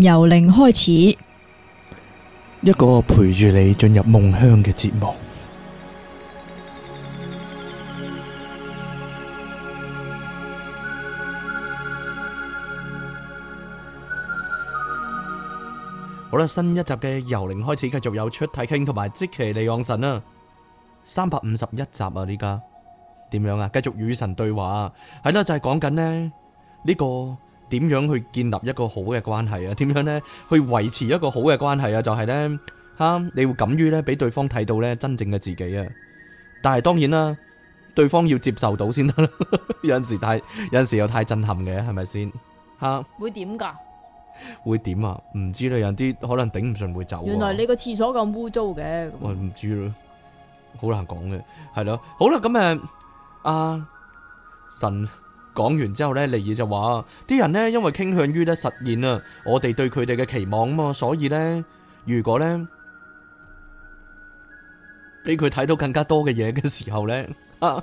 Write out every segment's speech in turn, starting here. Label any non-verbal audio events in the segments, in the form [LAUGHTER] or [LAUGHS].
由零開始，一個陪住你進入夢鄉嘅節目。好啦，新一集嘅由零開始繼續有出體傾同埋即其利昂神啊，三百五十一集啊，呢家點樣啊？繼續與神對話，係啦，就係講緊咧呢個。點樣去建立一個好嘅關係啊？點樣咧去維持一個好嘅關係啊？就係咧，哈，你會敢於咧俾對方睇到咧真正嘅自己啊！但係當然啦，對方要接受到先得啦。有陣時太有陣時又太震撼嘅，係咪先？哈，會點噶？會點啊？唔知咧，有啲可能頂唔順會走。原來你個廁所咁污糟嘅。嗯，我唔知咯，好難講嘅，係咯。好啦，啊，咁誒，阿神。講完之後呢，尼爾就話：啲人呢，因為傾向於咧實現啊，我哋對佢哋嘅期望嘛，所以呢，如果呢俾佢睇到更加多嘅嘢嘅時候呢， [LAUGHS] 而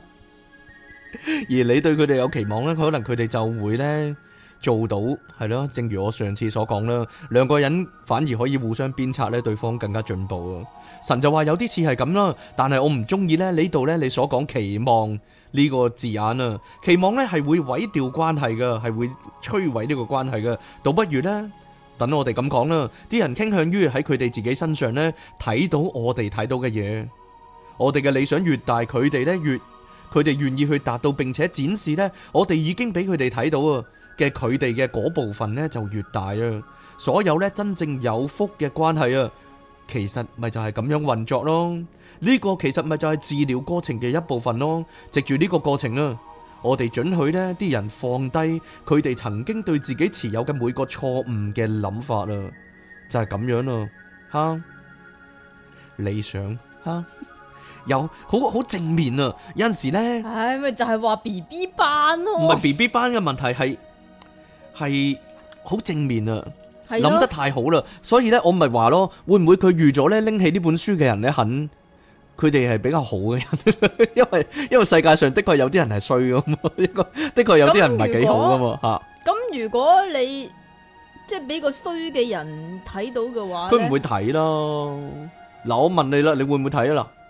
你對佢哋有期望咧，可能佢哋就會呢做到，係咯。正如我上次所講啦，兩個人反而可以互相鞭策呢，對方更加進步啊。神就話有啲似係咁啦，但係我唔中意呢，呢度呢，你所講期望。呢個字眼啊，期望呢係會毀掉關係㗎，係會摧毀呢個關係㗎。倒不如呢，等我哋咁講啦，啲人傾向於喺佢哋自己身上呢睇到，我哋睇到嘅嘢，我哋嘅理想越大，佢哋呢越佢哋願意去達到並且展示呢，我哋已經俾佢哋睇到啊嘅佢哋嘅嗰部分呢就越大啊。所有呢，真正有福嘅關係啊！其實咪就係咁樣運作咯，呢個其實咪就係治療過程嘅一部分咯，藉住呢個過程啦，我哋准許呢啲人放低佢哋曾經對自己持有嘅每個錯誤嘅諗法啦，就係咁樣啦，吓理想吓，有好好正面啊，有陣時咧，唉，咪就係話 BB 班咯，唔係 BB 班嘅問題，係係好正面啊。諗得太好啦，所以咧我咪話咯，會唔會佢預咗咧拎起呢本書嘅人咧，肯，佢哋係比較好嘅人，因 [LAUGHS] 為因為世界上的確有啲人係衰噶嘛，一個的確有啲人唔係幾好噶嘛吓。咁如，啊、如果你即係俾個衰嘅人睇到嘅話，佢唔會睇咯。嗱，我問你啦，你會唔會睇啊？嗱？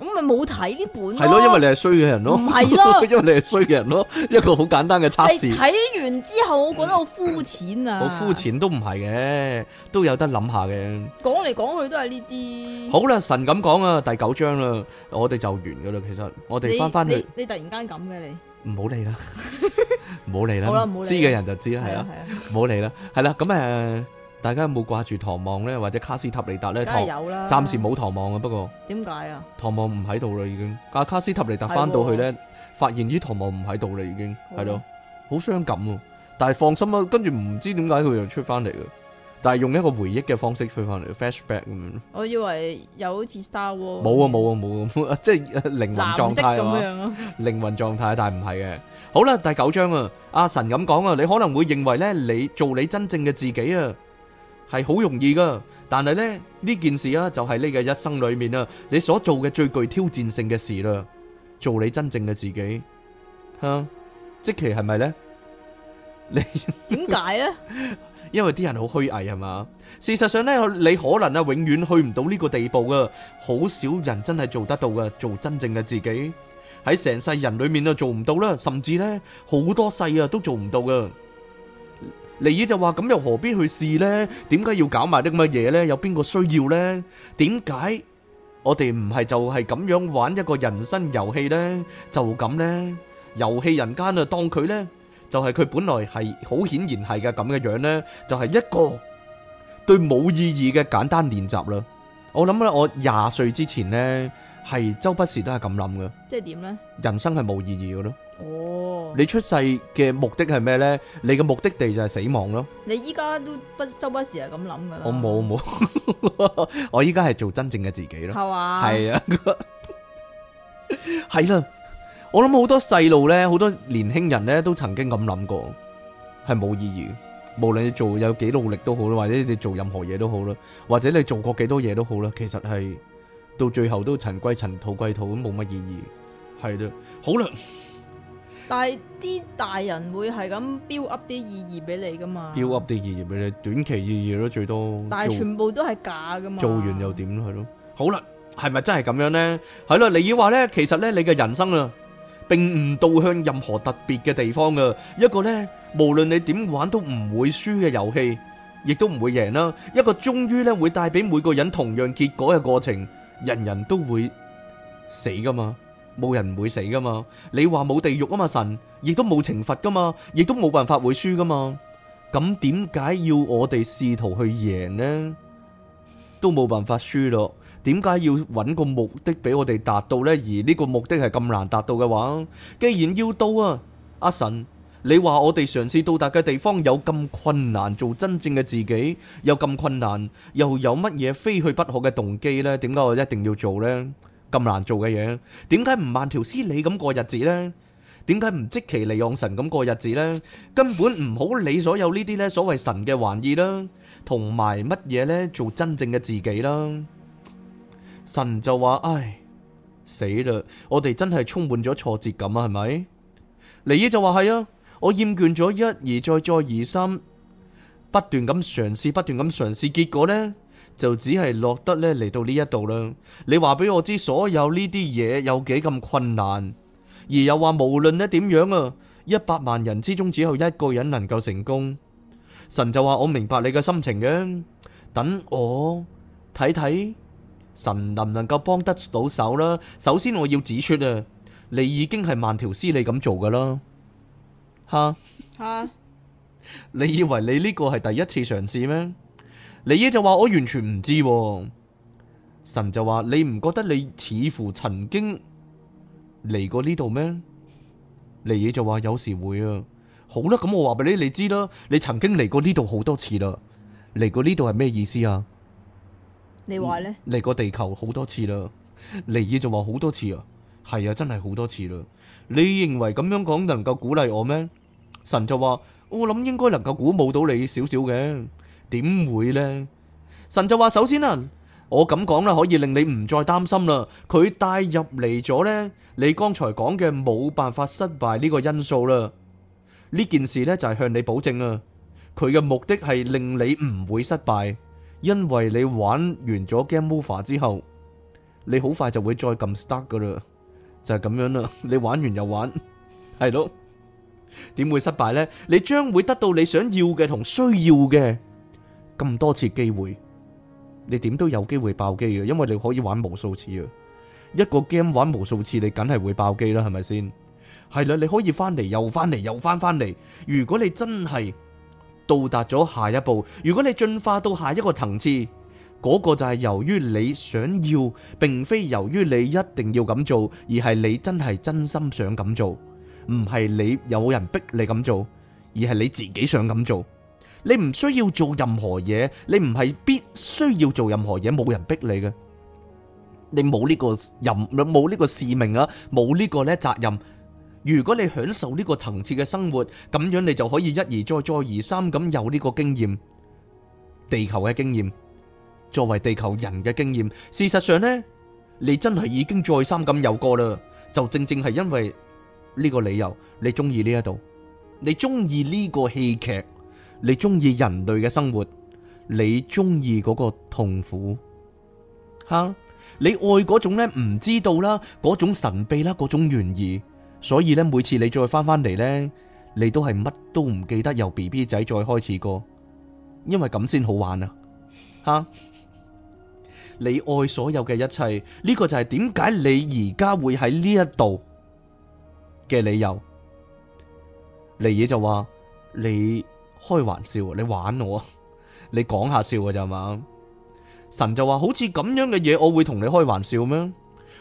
咁咪冇睇呢本咯，係咯，因為你係衰嘅人咯，唔係咯，因為你係衰嘅人咯，一個好簡單嘅測試。睇完之後，我覺得好膚淺啊！好膚淺都唔係嘅，都有得諗下嘅。講嚟講去都係呢啲。好啦，神咁講啊，第九章啦，我哋就完噶啦。其實我哋翻翻去，你突然間咁嘅你，唔好、啊、理啦，唔好理啦，知嘅人就知啦，係啦，唔好理啦，係啦，咁誒。Uh 大家有冇掛住唐望咧？或者卡斯塔尼達咧？暫時冇唐望啊，不過點解啊？唐望唔喺度啦，已經。阿卡斯塔尼達翻到去咧，的發現咦，唐望唔喺度啦，已經係咯，好傷的感啊。但係放心啊，跟住唔知點解佢又出翻嚟啊！但係用一個回憶嘅方式出翻嚟，flashback 咁樣。我以為有好似 Star Wars。冇啊，冇啊，冇啊，即係靈魂狀態啊嘛。靈魂狀態，但係唔係嘅。好啦，第九章啊，阿神咁講啊，你可能會認為咧，你做你真正嘅自己啊。係好容易噶，但係咧，呢件事啊，就係呢個一生裏面啊，你所做嘅最具挑戰性嘅事啦，做你真正嘅自己，哈，即其係咪咧？你點解咧？因為啲人好虛偽係嘛，事實上咧，你可能啊永遠去唔到呢個地步噶，好少人真係做得到噶，做真正嘅自己喺成世人裏面啊做唔到啦，甚至咧好多世啊都做唔到噶。尼爾就話咁，又何必去試咧？點解要搞埋啲咁嘅嘢咧？有邊個需要咧？點解我哋唔係就係咁樣玩一個人生遊戲咧？就咁咧？遊戲人間啊，當佢咧就係佢本來係好顯然係嘅咁嘅樣咧，就係一個對冇意義嘅簡單練習啦。我諗啦，我廿歲之前咧係周不時都係咁諗噶。即係點咧？人生係冇意義噶咯。哦，你出世嘅目的係咩咧？你嘅目的地就係死亡咯。你依家都不周不時係咁諗噶啦。我冇，冇，我依家係做真正嘅自己咯。係嘛？係啊，係啦。我諗好多細路咧，好多年輕人咧都曾經咁諗過，係冇意義。無論你做有幾努力都好啦，或者你做任何嘢都好啦，或者你做過幾多嘢都好啦，其實係到最後都塵歸塵，土歸土，咁冇乜意義。係啦，好啦。但係啲大人會係咁標 up 啲意義俾你噶嘛標 up 啲意義俾你，短期意義咯最多。但係全部都係假噶嘛做完又點係咯？好啦，係咪真係咁樣咧？係啦，你要話咧，其實咧你嘅人生啊，並唔導向任何特別嘅地方噶。一個咧，無論你點玩都唔會輸嘅遊戲，亦都唔會贏啦。一個終於咧會帶俾每個人同樣結果嘅過程，人人都會死噶嘛冇人唔會死噶嘛？你話冇地獄啊嘛？神亦都冇懲罰噶嘛？亦都冇辦法會輸噶嘛？咁點解要我哋試圖去贏呢？都冇辦法輸咯？點解要揾個目的俾我哋達到呢？而呢個目的係咁難達到嘅話，既然要到啊，阿神，你話我哋嘗試到達嘅地方有咁困難，做真正嘅自己有咁困難，又有乜嘢非去不可嘅動機呢？點解我一定要做呢？咁難做嘅嘢，點解唔慢條斯理咁過日子呢？點解唔積極利用神咁過日子呢？根本唔好理所有呢啲呢所謂神嘅玩意啦，同埋乜嘢呢，做真正嘅自己啦？神就話：唉，死啦！我哋真係充滿咗挫折感啊，係咪？尼爾就話：係啊，我厭倦咗一而再，再而三，不斷咁嘗試，不斷咁嘗試，結果呢？就只係落得咧嚟到呢一度啦。你話俾我知，所有呢啲嘢有幾咁困難，而又話無論你點樣啊，一百萬人之中只有一個人能夠成功。神就話，我明白你嘅心情嘅，等我睇睇神能唔能夠幫得到手啦。首先我要指出啊，你已經係慢條斯理咁做噶啦，吓吓，啊、你以為你呢個係第一次嘗試咩？尼爾就話：我完全唔知啊。神就話：你唔覺得你似乎曾經嚟過呢度咩？尼爾就話：有時會啊。好啦，咁我話俾你，你知啦。你曾經嚟過呢度好多次啦。嚟過呢度係咩意思啊？你話呢？嚟過地球好多次啦。尼爾 [LAUGHS] 就話，好多次啊。係啊，真係好多次啦。你認為咁樣講能夠鼓勵我咩？神就話：我諗應該能夠鼓舞到你少少嘅。點會咧？神就話：首先啊，我咁講啦，可以令你唔再擔心啦。佢帶入嚟咗咧，你剛才講嘅冇辦法失敗呢個因素啦。呢件事咧就係向你保證啊，佢嘅目的係令你唔會失敗，因為你玩完咗 Game Over 之後，你好快就會再撳 Start 噶啦，就係咁樣啦。你玩完又玩，係咯？點會失敗咧？你將會得到你想要嘅同需要嘅。咁多次機會，你點都有機會爆機嘅，因為你可以玩無數次啊！一個 game 玩無數次，你梗係會爆機啦，係咪先？係啦，你可以翻嚟，又翻嚟，又翻翻嚟。如果你真係到達咗下一步，如果你進化到下一個層次，嗰個就係由於你想要，並非由於你一定要咁做，而係你真係真心想咁做，唔係你有人逼你咁做，而係你自己想咁做。你唔需要做任何嘢，你唔係必須要做任何嘢，冇人逼你嘅。你冇呢個任冇呢個使命啊，冇呢個呢責任。如果你享受呢個層次嘅生活，咁樣你就可以一而再，再而三咁有呢個經驗。地球嘅經驗，作為地球人嘅經驗，事實上呢，你真係已經再三咁有過啦。就正正係因為呢個理由，你中意呢一度，你中意呢個戲劇。你中意人類嘅生活，你中意嗰個痛苦吓，你愛嗰種咧唔知道啦，嗰種神秘啦，嗰種懸疑，所以咧每次你再翻翻嚟咧，你都係乜都唔記得由 B B 仔再開始過，因為咁先好玩啊吓！你愛所有嘅一切，呢個就係點解你而家會喺呢一度嘅理由。嚟嘢就話你。開玩笑，你玩我，你講下笑㗎咋嘛？神就話好似咁樣嘅嘢，我會同你開玩笑咩？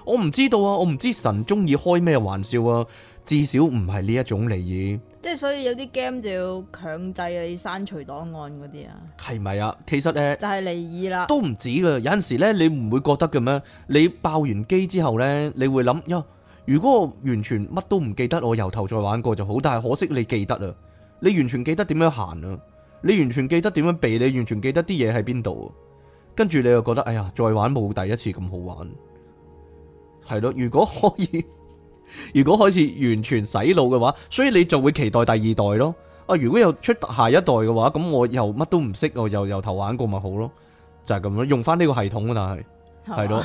我唔知道啊，我唔知神中意開咩玩笑啊，至少唔係呢一種利益，即係所以有啲 game 就要強制你刪除檔案嗰啲啊？係咪啊？其實咧就係利益啦，都唔止噶。有陣時咧，你唔會覺得嘅咩？你爆完機之後咧，你會諗：喲、呃，如果我完全乜都唔記得，我由頭再玩過就好。但係可惜你記得啊。你完全記得點樣行啊？你完全記得點樣避？你完全記得啲嘢喺邊度？跟住你又覺得哎呀，再玩冇第一次咁好玩，係咯？如果可以，如果開始完全洗腦嘅話，所以你就會期待第二代咯。啊，如果又出下一代嘅話，咁我又乜都唔識，我又由頭玩過咪好咯？就係咁咯，用翻呢個系統，但係係咯，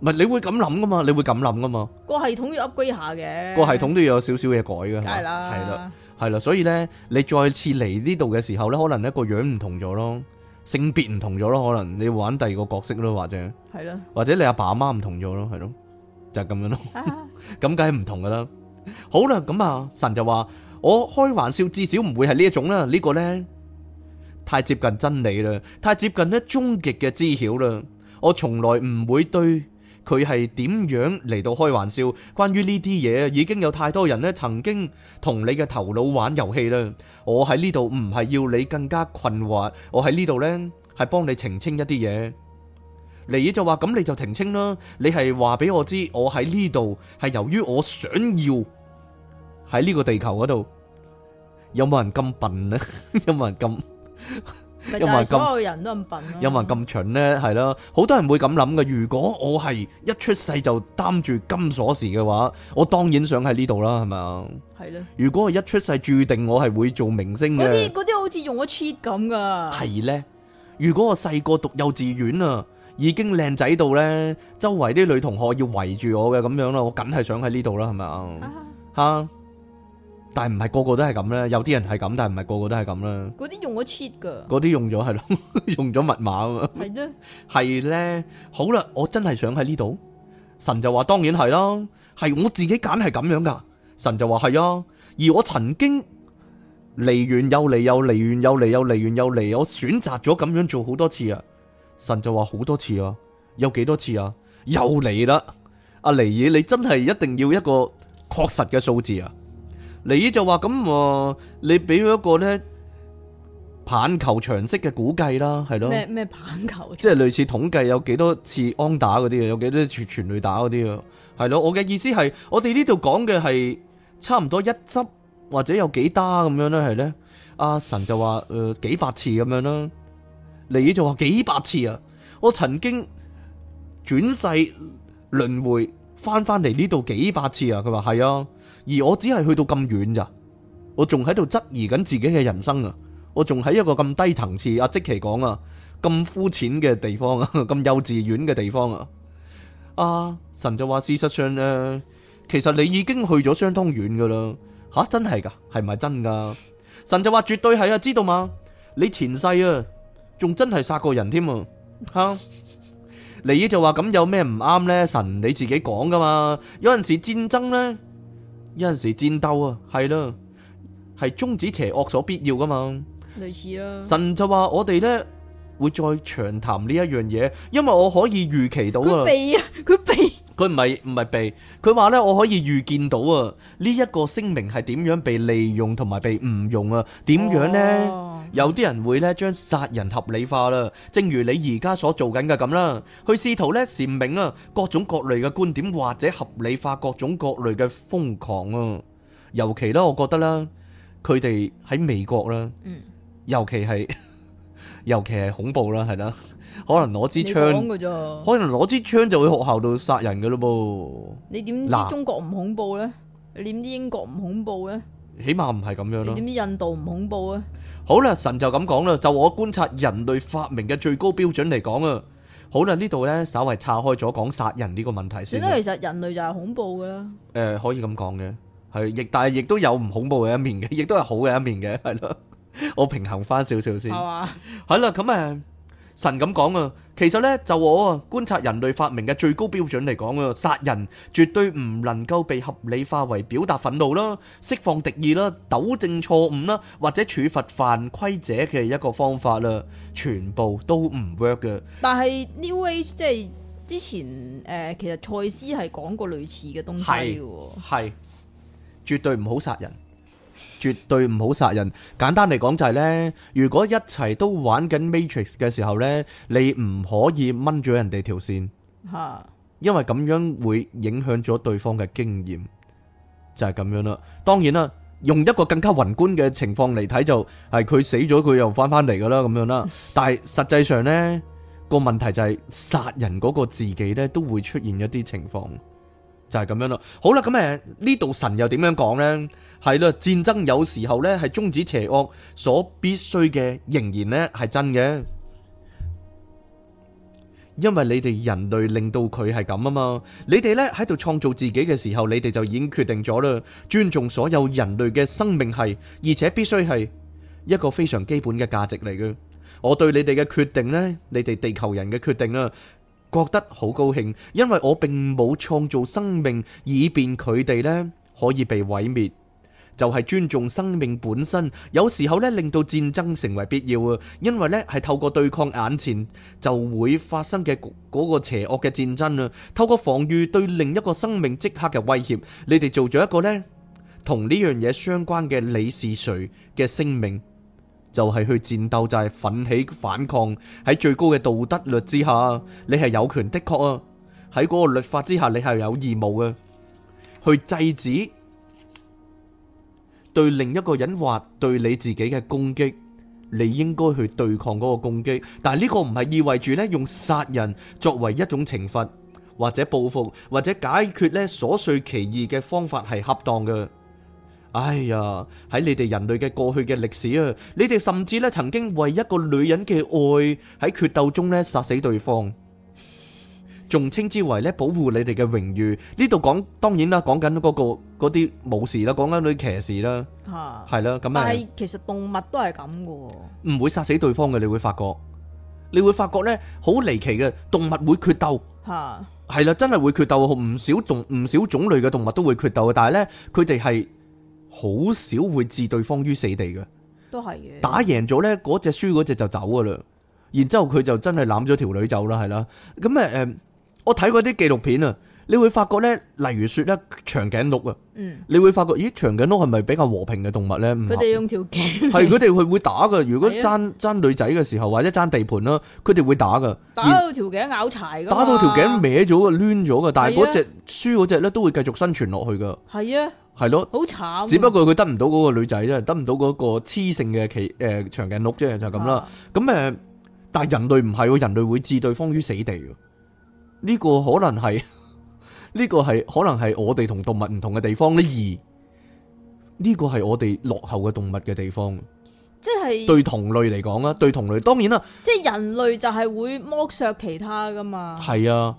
唔係嗎你會咁諗噶嘛？你會咁諗噶嘛？個系統要 upgrade 下嘅，個系統都要有少少嘢改嘅，係啦，係啦。係啦，所以咧，你再次嚟呢度嘅時候咧，可能一個樣唔同咗咯，性別唔同咗咯，可能你玩第二個角色咯，或者係咯，的或者你阿爸阿媽唔同咗咯，係咯，就係咁樣咯，咁梗係唔同噶啦。好啦，咁啊，神就話我開玩笑，至少唔會係呢一種啦，呢個咧太接近真理啦，太接近咧終極嘅知曉啦，我從來唔會對。佢係點樣嚟到開玩笑？關於呢啲嘢，已經有太多人咧曾經同你嘅頭腦玩遊戲啦。我喺呢度唔係要你更加困惑，我喺呢度呢係幫你澄清一啲嘢。尼爾就話：咁你就澄清啦，你係話俾我知，我喺呢度係由於我想要喺呢個地球嗰度，有冇人咁笨咧？ [LAUGHS] 有冇人咁？ [LAUGHS] 咪就係所有人都咁笨、啊、有冇人咁蠢咧？係咯，好多人會咁諗嘅。如果我係一出世就擔住金鎖匙嘅話，我當然想喺呢度啦，係咪啊？係咯的。如果我一出世注定我係會做明星嘅，嗰啲啲好似用咗 cheap 咁噶。係咧，如果我細個讀幼稚園啊，已經靚仔到咧，周圍啲女同學要圍住我嘅咁樣啦，我梗係想喺呢度啦，係咪啊？嚇、啊！但係唔係個個都係咁咧，有啲人係咁，但係唔係個個都係咁啦。嗰啲用咗 cheat 噶，嗰啲用咗係咯， [LAUGHS] 用咗密碼啊。係咧的，係咧。 [LAUGHS] 好啦，我真係想喺呢度，神就話當然係啦，係我自己揀係咁樣噶。神就話係啊，而我曾經嚟完又嚟又嚟完又嚟又嚟完又嚟，我選擇咗咁樣做好多次啊。神就話好多次啊，有幾多次啊？又嚟啦，阿尼爾，你真係一定要一個確實嘅數字啊！姨就話咁、呃，你俾咗一個咧棒球場式嘅估計啦，係咯？咩咩棒球場式？即係類似統計有幾多次安打嗰啲嘅，有幾多次全壘打嗰啲啊？係咯，我嘅意思係，我哋呢度講嘅係差唔多一執或者有幾打咁樣啦。係咧。阿、啊、神就話，誒、呃，幾百次咁樣啦。姨就話幾百次啊？我曾經轉世輪回。翻翻嚟呢度幾百次啊！佢話係啊，而我只係去到咁遠咋，我仲喺度質疑緊自己嘅人生啊！我仲喺一個咁低層次，阿、啊、即其講啊，咁膚淺嘅地方啊，咁幼稚園嘅地方啊！啊，神就話事實上咧、啊，其實你已經去咗相當遠噶啦，吓、啊、真係噶，係咪真噶？神就話絕對係啊，知道嗎？你前世啊，仲真係殺過人添啊！啊你伊就話，咁有咩唔啱呢？神你自己講噶嘛？有陣時戰爭呢，有陣時戰鬥啊，係咯，係終止邪惡所必要噶嘛？類似啦。神就話我哋呢會再長談呢一樣嘢，因為我可以預期到啦、啊。佢避、啊。佢唔係唔係被，佢話咧我可以預見到啊，呢一個聲明係點樣被利用同埋被誤用啊？點樣咧？有啲人會咧將殺人合理化啦，正如你而家所做緊嘅咁啦，去試圖咧辯明啊各種各類嘅觀點，或者合理化各種各類嘅瘋狂啊。尤其啦，我覺得啦，佢哋喺美國啦，尤其係尤其係恐怖啦，係啦。可能攞支槍，可能攞支槍就去學校度殺人噶咯噃。你點知中國唔恐怖咧？嘖你點知英國唔恐怖咧？起碼唔係咁樣咯、啊。你點知印度唔恐怖咧？好啦，神就咁講啦。就我觀察人類發明嘅最高標準嚟講啊，好啦，呢度咧稍微拆開咗講殺人呢個問題先。點解、嗯、其實人類就係恐怖噶啦？誒、嗯，可以咁講嘅，係亦但係亦都有唔恐怖嘅一面嘅，亦都係好嘅一面嘅，係咯。我平衡翻少少先。係嘛的？係啦， [LAUGHS] 咁誒。神咁講啊，其實呢，就我啊觀察人類發明嘅最高標準嚟講啊，殺人絕對唔能夠被合理化為表達憤怒啦、釋放敵意啦、糾正錯誤啦，或者處罰犯規者嘅一個方法啦，全部都唔 work 嘅。但係 New Age 即係之前誒、呃，其實賽斯係講過類似嘅東西嘅，係絕對唔好殺人。絕對唔好殺人。簡單嚟講就係呢：如果一齊都玩緊 Matrix 嘅時候呢，你唔可以掹咗人哋條線，吓，因為咁樣會影響咗對方嘅經驗，就係咁樣啦。當然啦，用一個更加宏觀嘅情況嚟睇就係佢死咗佢又翻翻嚟噶啦咁樣啦。但係實際上呢，個問題就係殺人嗰個自己呢，都會出現一啲情況。就係咁樣咯，好啦，咁誒呢度神又點樣講呢？係啦，戰爭有時候呢係終止邪惡所必須嘅，仍然呢係真嘅，因為你哋人類令到佢係咁啊嘛，你哋呢喺度創造自己嘅時候，你哋就已經決定咗啦，尊重所有人類嘅生命係，而且必須係一個非常基本嘅價值嚟嘅。我對你哋嘅決定呢，你哋地球人嘅決定啊！覺得好高興，因為我並冇創造生命以便佢哋呢可以被毀滅，就係尊重生命本身。有時候呢令到戰爭成為必要啊，因為呢係透過對抗眼前就會發生嘅嗰個邪惡嘅戰爭啊，透過防禦對另一個生命即刻嘅威脅，你哋做咗一個呢同呢樣嘢相關嘅你是誰嘅聲明。就係去戰鬥，就係、是、奮起反抗。喺最高嘅道德律之下，你係有權的確啊。喺嗰個律法之下，你係有義務嘅，去制止對另一個人或對你自己嘅攻擊。你應該去對抗嗰個攻擊。但係呢個唔係意味住咧用殺人作為一種懲罰或者報復或者解決咧瑣碎歧義嘅方法係恰當嘅。哎呀，喺你哋人類嘅過去嘅歷史啊，你哋甚至咧曾經為一個女人嘅愛喺決鬥中咧殺死對方，仲稱之為咧保護你哋嘅榮譽。呢度講當然啦，講緊嗰個嗰啲武士啦，講緊女騎士啦，係啦咁啊。但係其實動物都係咁嘅，唔會殺死對方嘅。你會發覺，你會發覺咧好離奇嘅動物會決鬥，係啦，真係會決鬥，唔少種唔少種類嘅動物都會決鬥，但係咧佢哋係。好少會置對方於死地嘅，都係嘅。打贏咗咧，嗰隻輸嗰隻就走噶啦。然之後佢就真係攬咗條女走啦，係啦。咁誒，我睇過啲紀錄片啊，你會發覺咧，例如說咧長頸鹿啊，你會發覺咦，長頸鹿係咪比較和平嘅動物咧？佢哋用條頸係，佢哋佢會打嘅。如果爭爭女仔嘅時候，或者爭地盤啦，佢哋會打嘅。打到條頸咬柴，打到條頸歪咗嘅攣咗嘅，但係嗰隻輸嗰隻咧都會繼續生存落去嘅。係啊。係咯，好慘啊、只不過佢得唔到嗰個女仔啫，得唔到嗰個雌性嘅奇誒、呃、長頸鹿啫，就咁、是、啦。咁誒、啊嗯，但係人類唔係，人類會置對方於死地。呢、這個可能係，呢、這個係可能係我哋同動物唔同嘅地方咧。而呢個係我哋落後嘅動物嘅地方，地方即係是對同類嚟講啦，對同類當然啦，即係人類就係會剝削其他噶嘛，係啊。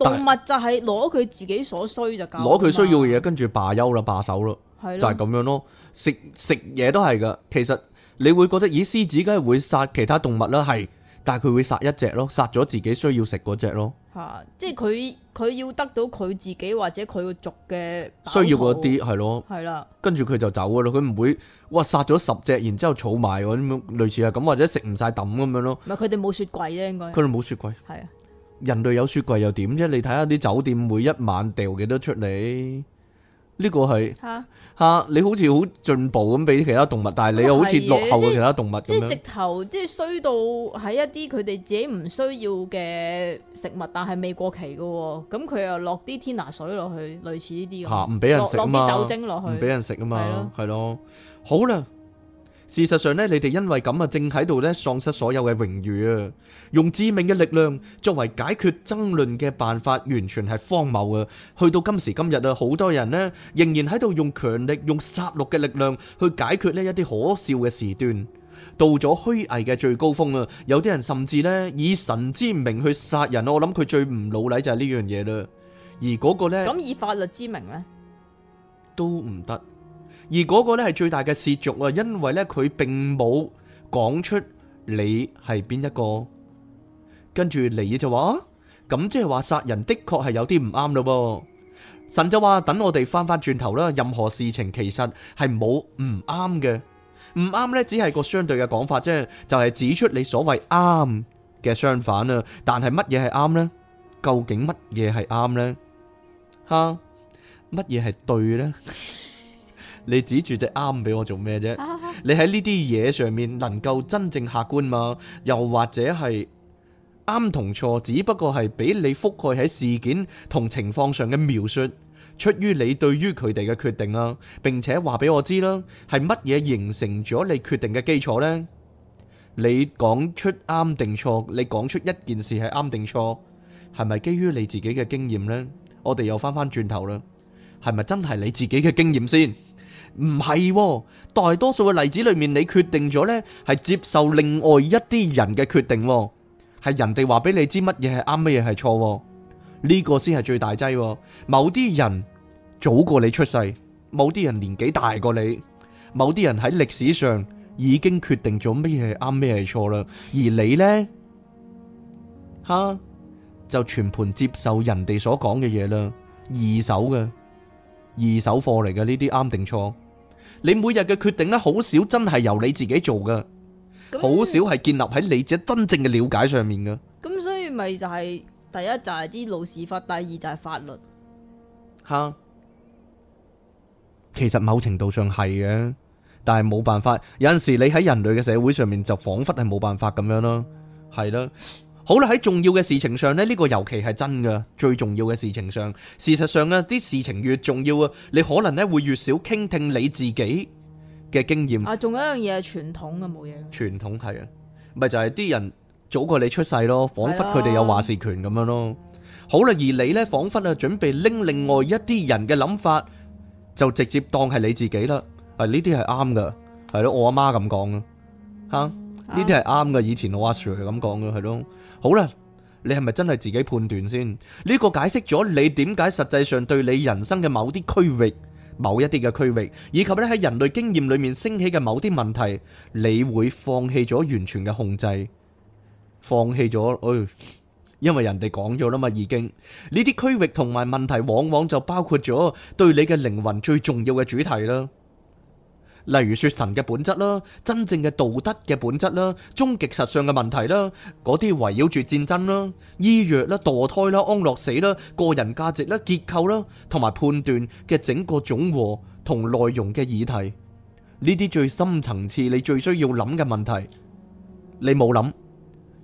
動物就係攞佢自己所需就夠，啊，攞佢需要嘅嘢，跟住罷休啦，罷手咯，是的 就係咁樣咯。食食嘢都係噶，其實你會覺得，咦，獅子梗係會殺其他動物啦，係，但係佢會殺一隻咯，殺咗自己需要食嗰隻咯。吓，即係佢佢要得到佢自己或者佢個族嘅需要嗰啲，係咯。係啦是的，跟住佢就走噶啦，佢唔會哇殺咗十隻，然之後儲埋咁類似啊咁，或者食唔晒抌咁樣咯。唔係佢哋冇雪櫃啫，應該。佢哋冇雪櫃。係啊。人類有雪櫃又點啫？你睇下啲酒店每一晚掉幾多出嚟？呢個係吓吓，你好似好進步咁比其他動物，但係你又好似落後嘅其他動物。即係直頭，即係衰到喺一啲佢哋自己唔需要嘅食物，但係未過期嘅，咁佢又落啲天拿水落去，類似呢啲咁。吓，唔俾人食啲酒精落去，唔俾人食啊嘛，係咯，係咯，好啦。事實上咧，你哋因為咁啊，正喺度咧喪失所有嘅榮譽啊！用致命嘅力量作為解決爭論嘅辦法，完全係荒謬啊！去到今時今日啊，好多人咧仍然喺度用強力、用殺戮嘅力量去解決咧一啲可笑嘅時段，到咗虛偽嘅最高峰啊！有啲人甚至咧以神之名去殺人，我諗佢最唔老禮就係呢樣嘢啦。而嗰個咧，咁以法律之名咧，都唔得。而嗰個咧係最大嘅褻瀆啊，因為咧佢並冇講出你係邊一個，跟住尼爾就話啊，咁即係話殺人的確係有啲唔啱咯。神就話等我哋翻翻轉頭啦，任何事情其實係冇唔啱嘅，唔啱咧只係個相對嘅講法啫，就係指出你所謂啱嘅相反啊。但係乜嘢係啱咧？究竟乜嘢係啱咧？吓，乜嘢係對咧？你指住只啱，俾我做咩啫？你喺呢啲嘢上面能夠真正客觀嘛？又或者係啱同錯，只不過係俾你覆蓋喺事件同情況上嘅描述，出於你對於佢哋嘅決定啊，並且話俾我知啦，係乜嘢形成咗你決定嘅基礎呢？你講出啱定錯，你講出一件事係啱定錯，係咪基於你自己嘅經驗呢？我哋又翻翻轉頭啦，係咪真係你自己嘅經驗先？唔係、喎，大多數嘅例子裏面，你決定咗呢係接受另外一啲人嘅決定、喎，係人哋話俾你知乜嘢係啱，乜嘢係錯，呢個先係最大劑、喎。某啲人早過你出世，某啲人年紀大過你，某啲人喺歷史上已經決定咗乜嘢係啱，乜嘢係錯啦，而你呢？吓就全盤接受人哋所講嘅嘢啦，二手嘅。二手貨嚟嘅，呢啲啱定錯？你每日嘅決定咧，好少真係由你自己做嘅，好那少係建立喺你自己真正嘅了解上面嘅。咁所以咪就係、是、第一就係啲老事法，第二就係法律吓。哈其實某程度上係嘅，但係冇辦法，有陣時你喺人類嘅社會上面就仿佛係冇辦法咁樣咯，係啦。 [COUGHS] 好啦，喺重要嘅事情上咧，呢個尤其係真嘅。最重要嘅事情上，事實上啊，啲事情越重要啊，你可能咧會越少傾聽你自己嘅經驗。啊，仲有一樣嘢係傳統嘅冇嘢。傳統係啊，咪就係啲人早過你出世咯，仿佛佢哋有話事權咁樣咯。的好啦，而你咧，仿佛啊準備拎另外一啲人嘅諗法，就直接當係你自己啦。啊，呢啲係啱噶，係咯，我阿媽咁講啊，吓。呢啲係啱嘅，以前我阿 Sir 係咁講嘅，係咯。好啦，你係咪真係自己判斷先？呢個解釋咗你點解實際上對你人生嘅某啲區域、某一啲嘅區域，以及咧喺人類經驗裏面升起嘅某啲問題，你會放棄咗完全嘅控制，放棄咗。誒，因為人哋講咗啦嘛，已經呢啲區域同埋問題，往往就包括咗對你嘅靈魂最重要嘅主題啦。例如說神嘅本質啦，真正嘅道德嘅本質啦，終極實上嘅問題啦，嗰啲圍繞住戰爭啦、醫藥啦、墮胎啦、安樂死啦、個人價值啦、結構啦，同埋判斷嘅整個總和同內容嘅議題，呢啲最深層次你最需要諗嘅問題，你冇諗，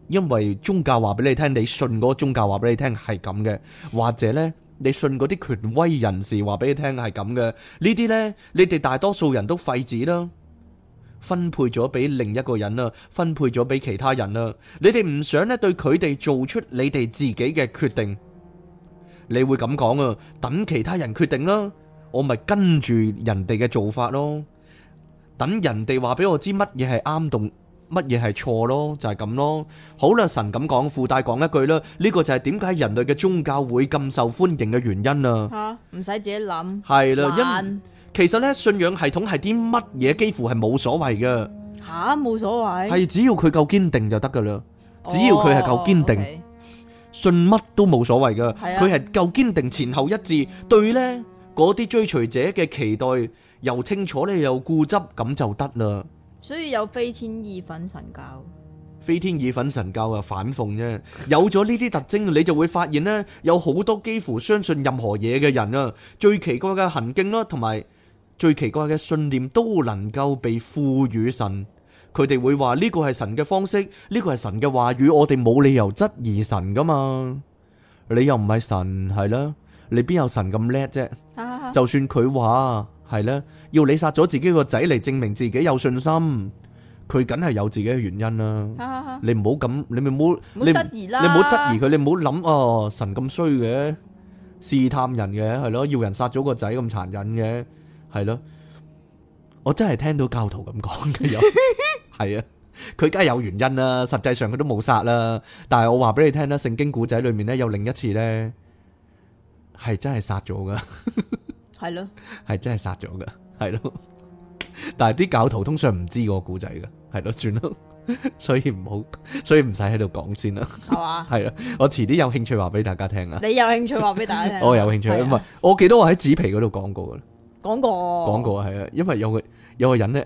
因為宗教話俾你聽，你信嗰個宗教話俾你聽係咁嘅，或者呢。你信嗰啲權威人士話俾你聽係咁嘅。呢啲呢，你哋大多數人都廢止啦，分配咗俾另一個人啦，分配咗俾其他人啦，你哋唔想呢對佢哋做出你哋自己嘅決定，你會咁講啊？等其他人決定啦，我咪跟住人哋嘅做法咯，等人哋話俾我知乜嘢係啱動，乜嘢係錯咯？就係咁咯。好啦，神咁講，附帶講一句啦，呢個就係點解人類嘅宗教會咁受歡迎嘅原因啊。吓，唔使自己諗。係啦，因其實咧，信仰系統係啲乜嘢，幾乎係冇所謂嘅。吓，冇所謂。係只要佢夠堅定就得噶啦。只要佢係夠堅定，信乜都冇所謂噶。佢係夠堅定，前後一致，對咧嗰啲追隨者嘅期待又清楚咧，又固執咁就得啦。所以有飛天意粉神教，飛天意粉神教啊，反諷啫。有咗呢啲特徵，你就會發現呢，有好多幾乎相信任何嘢嘅人啊，最奇怪嘅行徑啦，同埋最奇怪嘅信念都能夠被賦予神。佢哋會話呢個係神嘅方式，呢個係神嘅話語，我哋冇理由質疑神噶嘛。你又唔係神，係啦，你邊有神咁叻啫？ [LAUGHS] 就算佢話。係咧，要你殺咗自己個仔嚟證明自己有信心，佢梗係有自己嘅原因啦哈。你唔好咁，你咪唔好，唔好質疑啦。你唔好質疑佢，你唔好諗哦，神咁衰嘅，試探人嘅係咯，要人殺咗個仔咁殘忍嘅係咯。我真係聽到教徒咁講嘅，有係啊，佢梗係有原因啦。實際上佢都冇殺啦，但係我話俾你聽啦，聖經古仔裏面咧有另一次咧係真係殺咗噶。 [LAUGHS] 係咯，係真係殺咗噶，係咯。但係啲教徒通常唔知個古仔噶，係咯，算咯。所以唔好，所以唔使喺度講先啦。係嘛吧？係啦，我遲啲有興趣話俾大家聽啦。你有興趣話俾大家聽？ [LAUGHS] 我有興趣，唔係的我記得我喺紙皮嗰度講過噶啦，講過，講過係啊。因為有個有個人咧，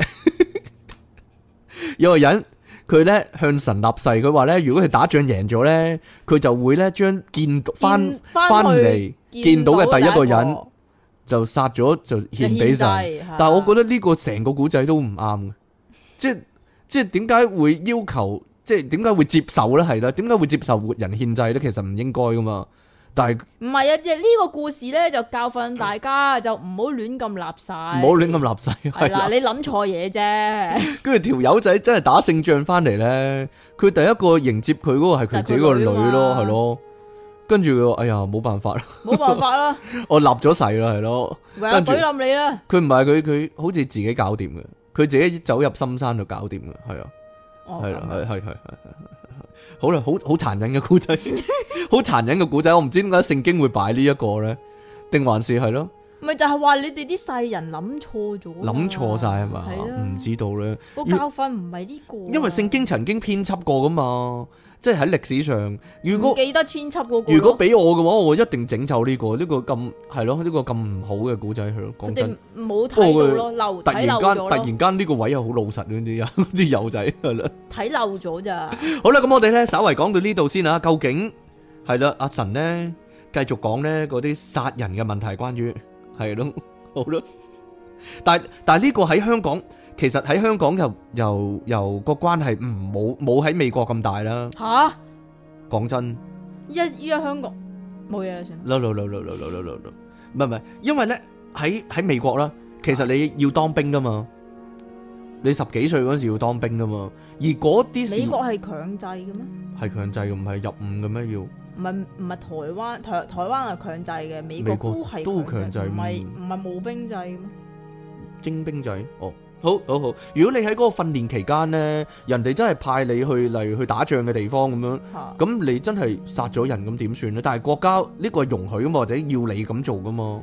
有個人佢咧 [LAUGHS] 向神立誓，佢話咧如果佢打仗贏咗咧，佢就會咧將見翻翻嚟見到嘅第一個人。就殺咗就獻俾神。但係我覺得呢個成個古仔都唔啱嘅，即係即係點解會要求，即係點解會接受咧？係啦，點解會接受活人獻祭咧？其實唔應該噶嘛，但係唔係啊，即係呢個故事咧就教訓大家，啊、就唔好亂咁立晒，唔好亂咁立晒。係啦， [LAUGHS] 你諗錯嘢啫。跟住條友仔真係打勝仗翻嚟咧，佢第一個迎接佢嗰個係佢自己個女咯，係咯、啊。跟住佢話，哎呀，冇辦法啦，冇辦法啦， [LAUGHS] 我立咗誓啦，係咯，跟住懟冧你啦。佢唔係佢，佢、呃、好似自己搞掂嘅，佢自己走入深山就搞掂嘅，係啊，係啦、哦，係係係係係，好啦，好好殘忍嘅古仔，好殘忍嘅古仔，我唔知點解聖經會擺呢一個咧，定還是係咯。咪就係話你哋啲世人諗錯咗，諗錯晒係嘛？唔知道咧，個教訓唔係呢個，因為聖經曾經編輯過噶嘛，即係喺歷史上，如果記得編輯過，如果俾我嘅話，我一定整走呢個呢個咁係咯，呢個咁唔好嘅古仔去講。佢哋冇睇到咯，漏睇漏咗咯。突然間突然間呢個位又好老實啲人啲友仔，睇漏咗咋。好啦，咁我哋咧，稍微講到呢度先啊。究竟係啦，阿神咧繼續講咧嗰啲殺人嘅問題，關於。係咯，好咯。但係但係呢個喺香港，其實喺香港又又又個關係唔冇冇喺美國咁大啦。吓，講真，依家依家香港冇嘢啦，算啦。唔係唔係，因為咧喺喺美國啦，其實你要當兵噶嘛，你十幾歲嗰陣時要當兵噶嘛，而嗰啲美國係強制嘅咩？係強制嘅，唔係入伍嘅咩？要。唔係唔係台灣台台灣係強制嘅，美國都係強制，唔係唔係募兵制，徵兵制。哦，好好好。如果你喺嗰個訓練期間咧，人哋真係派你去例如去打仗嘅地方咁樣，咁你真係殺咗人咁點算咧？但係國家呢個容許啊嘛，或者要你咁做噶嘛。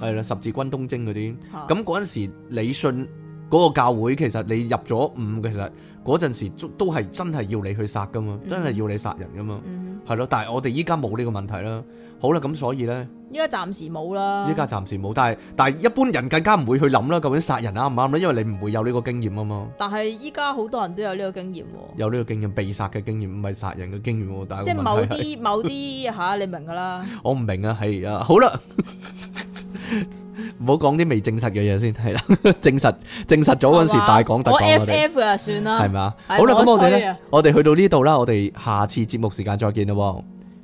係啦，十字軍東征嗰啲，咁嗰陣時李信。嗰個教會其實你入咗五，其實嗰陣時都都係真係要你去殺噶嘛，嗯、哼真係要你殺人噶嘛，係咯、嗯哼。但係我哋依家冇呢個問題啦。好啦，咁所以呢，依家暫時冇啦。依家暫時冇，但係但係一般人更加唔會去諗啦。究竟殺人啱唔啱呢？因為你唔會有呢個經驗啊嘛。但係依家好多人都有呢個經驗，有呢個經驗被殺嘅經驗，唔係殺人嘅經驗。即係某啲某啲吓、啊，你明噶啦。我唔明啊，係啊，好啦。 [LAUGHS] 唔好講啲未證實嘅嘢先，係啦，證實證實咗嗰陣時說大講特講我哋，我 F F 算啦，係咪啊？好啦，咁我哋咧，我哋去到呢度啦，我哋下次節目時間再見啦，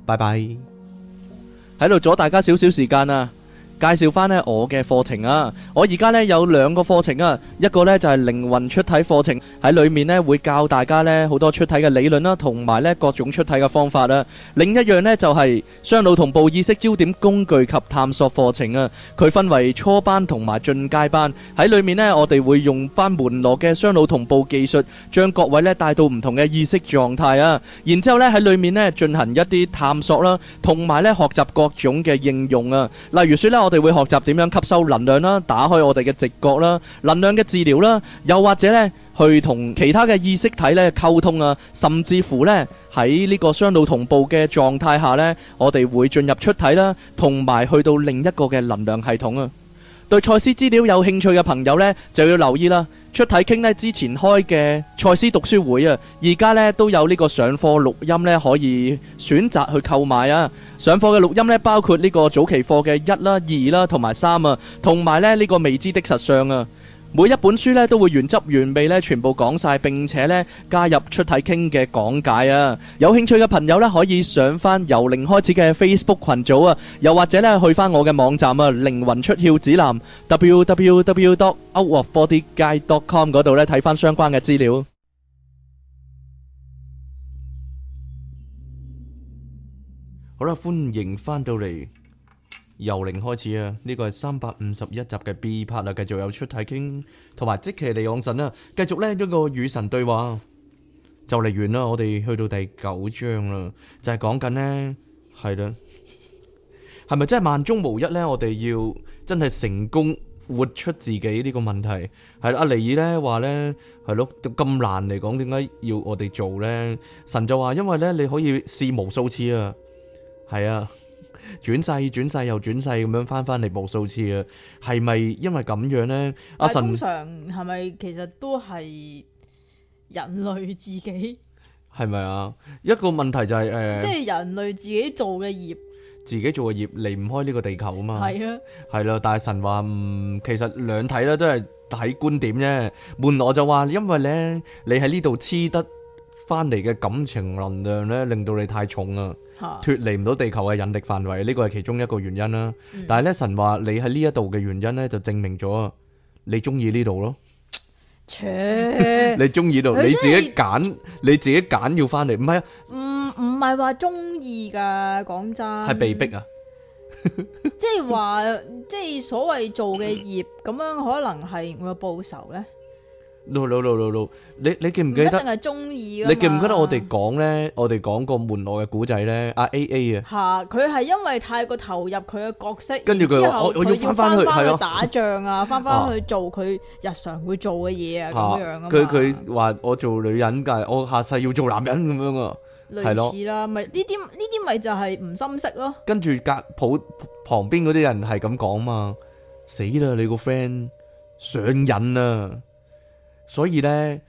拜拜，喺度 [MUSIC] 阻大家少少時間啦。介紹翻咧我嘅課程啊！我而家咧有兩個課程啊，一個咧就係靈魂出體課程，喺裏面咧會教大家咧好多出體嘅理論啦，同埋咧各種出體嘅方法啦。另一樣咧就係雙腦同步意識焦點工具及探索課程啊。佢分為初班同埋進階班，喺裏面咧我哋會用翻門羅嘅雙腦同步技術，將各位咧帶到唔同嘅意識狀態啊。然之後咧喺裏面咧進行一啲探索啦，同埋咧學習各種嘅應用啊。例如説咧我。我哋會學習點樣吸收能量啦，打開我哋嘅直覺啦，能量嘅治療啦，又或者呢去同其他嘅意識體呢溝通啊，甚至乎呢喺呢個雙腦同步嘅狀態下呢，我哋會進入出體啦，同埋去到另一個嘅能量系統啊。對賽斯資料有興趣嘅朋友呢，就要留意啦。出體傾呢之前開嘅賽斯讀書會啊，而家呢都有呢個上課錄音呢，可以選擇去購買啊。上課嘅錄音咧，包括呢個早期課嘅一啦、二啦同埋三啊，同埋咧呢個未知的實相啊。每一本書咧都會原汁原味咧全部講晒，並且咧加入出體傾嘅講解啊。有興趣嘅朋友咧可以上翻由零開始嘅 Facebook 群組啊，又或者咧去翻我嘅網站啊靈魂出竅指南 www.outofbodyguide.com 嗰度咧睇翻相關嘅資料。好啦，歡迎翻到嚟由零開始啊！呢個係三百五十一集嘅 B part 啊，繼續有出體傾，同埋即刻嚟往神啊！繼續咧一個與神對話就嚟完啦，我哋去到第九章啦，就係講緊呢，係啦，係咪真係萬中無一呢？我哋要真係成功活出自己呢個問題係啦，阿尼爾呢話呢，係咯，咁難嚟講，點解要我哋做呢？神就話因為呢，你可以試無數次啊！係啊，轉世轉世又轉世咁樣返返嚟無數次啊，係咪因為咁樣咧？阿神，通常係咪其實都係人類自己？係咪啊？一個問題就係、是、誒，呃、即係人類自己做嘅業，自己做嘅業離唔開呢個地球啊嘛。係啊，係咯、啊。大神話唔、嗯，其實兩睇啦，都係睇觀點啫。門羅就話，因為咧，你喺呢度黐得。翻嚟嘅感情能量咧，令到你太重啊，脫離唔到地球嘅引力範圍，呢個係其中一個原因啦。但係咧，嗯、神話你喺呢一度嘅原因咧，就證明咗你中意呢度咯。切嘖， [LAUGHS] 你中意度你自己揀嘖，你自己揀要翻嚟，唔係、嗯、啊，唔唔係話中意噶，講真係被逼啊，即係話即係所謂做嘅業咁樣，可能係我要報仇咧。嚕嚕嚕嚕嚕！你你記唔記得？定係中意你記唔記得我哋講咧？我哋講個門外嘅古仔咧？阿 A A 啊。吓，佢係、啊、因為太過投入佢嘅角色，跟住佢，我我要翻翻去，去打仗啊，翻翻了去做佢日常會做嘅嘢，啊，咁樣啊。佢佢話我做女人噶，我下世要做男人咁樣啊。類似啦，咪呢啲呢啲咪就係唔深識咯。跟住隔，隔旁旁邊嗰啲人係咁講嘛，死啦！你個 friend 上癮啦。所以呢，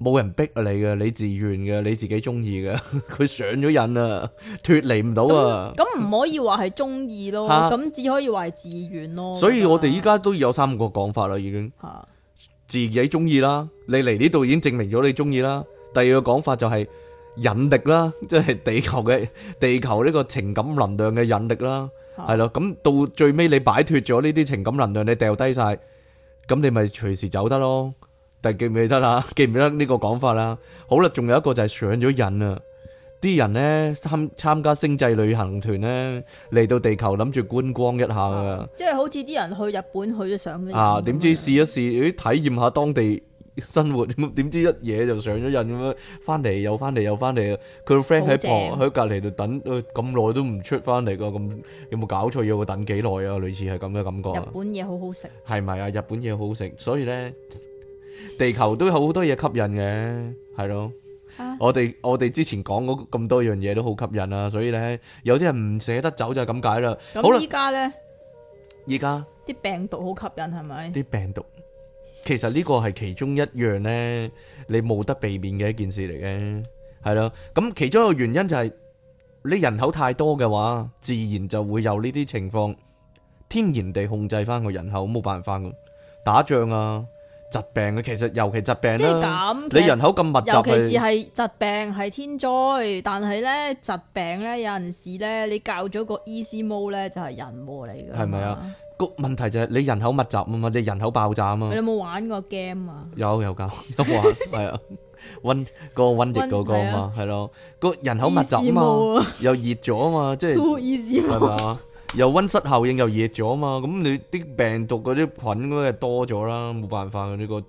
冇人逼你嘅，你自願嘅，你自己中意嘅。佢 [LAUGHS] 上咗癮啊，脫離唔到啊。咁唔可以話係中意咯，咁只可以話係自願咯。所以我哋依家都有三個講法啦，已經。吓、啊，自己中意啦，你嚟呢度已經證明咗你中意啦。第二個講法就係引力啦，即係地球嘅地球呢個情感能量嘅引力啦，係咯、啊。咁到最尾你擺脫咗呢啲情感能量，你，你掉低晒，咁你咪隨時走得咯。記唔記得啦？記唔記得呢個講法啦？好啦，仲有一個就係上咗癮啊！啲人咧參參加星際旅行團咧，嚟到地球諗住觀光一下噶，即係好似啲人去日本去咗上啊，點知試一試，誒，體驗下當地生活，點知一嘢就上咗癮咁樣，翻嚟又翻嚟又翻嚟啊！佢個 friend 喺旁喺隔籬度等，誒，咁耐都唔出翻嚟啊！咁有冇搞錯要等幾耐啊？類似係咁嘅感覺。日本嘢好好食係咪啊？日本嘢好好食，所以咧。地球都有好多嘢吸引嘅，係咯、啊，我哋我哋之前講過咁多樣嘢都好吸引啊，所以咧，有啲人唔捨得走就係咁解啦。好啦，咁依家咧，依家啲病毒好吸引係咪？啲病毒其實呢個係其中一樣咧，你冇得避免嘅一件事嚟嘅，係咯。咁其中一個原因就係、是、你人口太多嘅話，自然就會有呢啲情況，天然地控制翻個人口，冇辦法噶，打仗啊。疾病嘅其實尤其疾病啦，啊，你人口咁密集，其尤其是係疾病係天災，但係咧疾病咧，有陣時咧你教咗個 E C M O 咧就係人禍嚟嘅。係咪吧啊？個問題就係你人口密集啊嘛，即你人口爆炸有有啊 [LAUGHS] 嘛。你有冇玩過 game 啊？有有噶，有冇玩係啊，溫個瘟疫嗰個啊嘛，係咯，個人口密集啊嘛，easy mode 啊又熱咗啊嘛，即係。easy [LAUGHS] 又溫室效應又熱咗嘛，咁你啲病毒嗰啲菌咁嘅多咗啦，冇辦法嘅呢個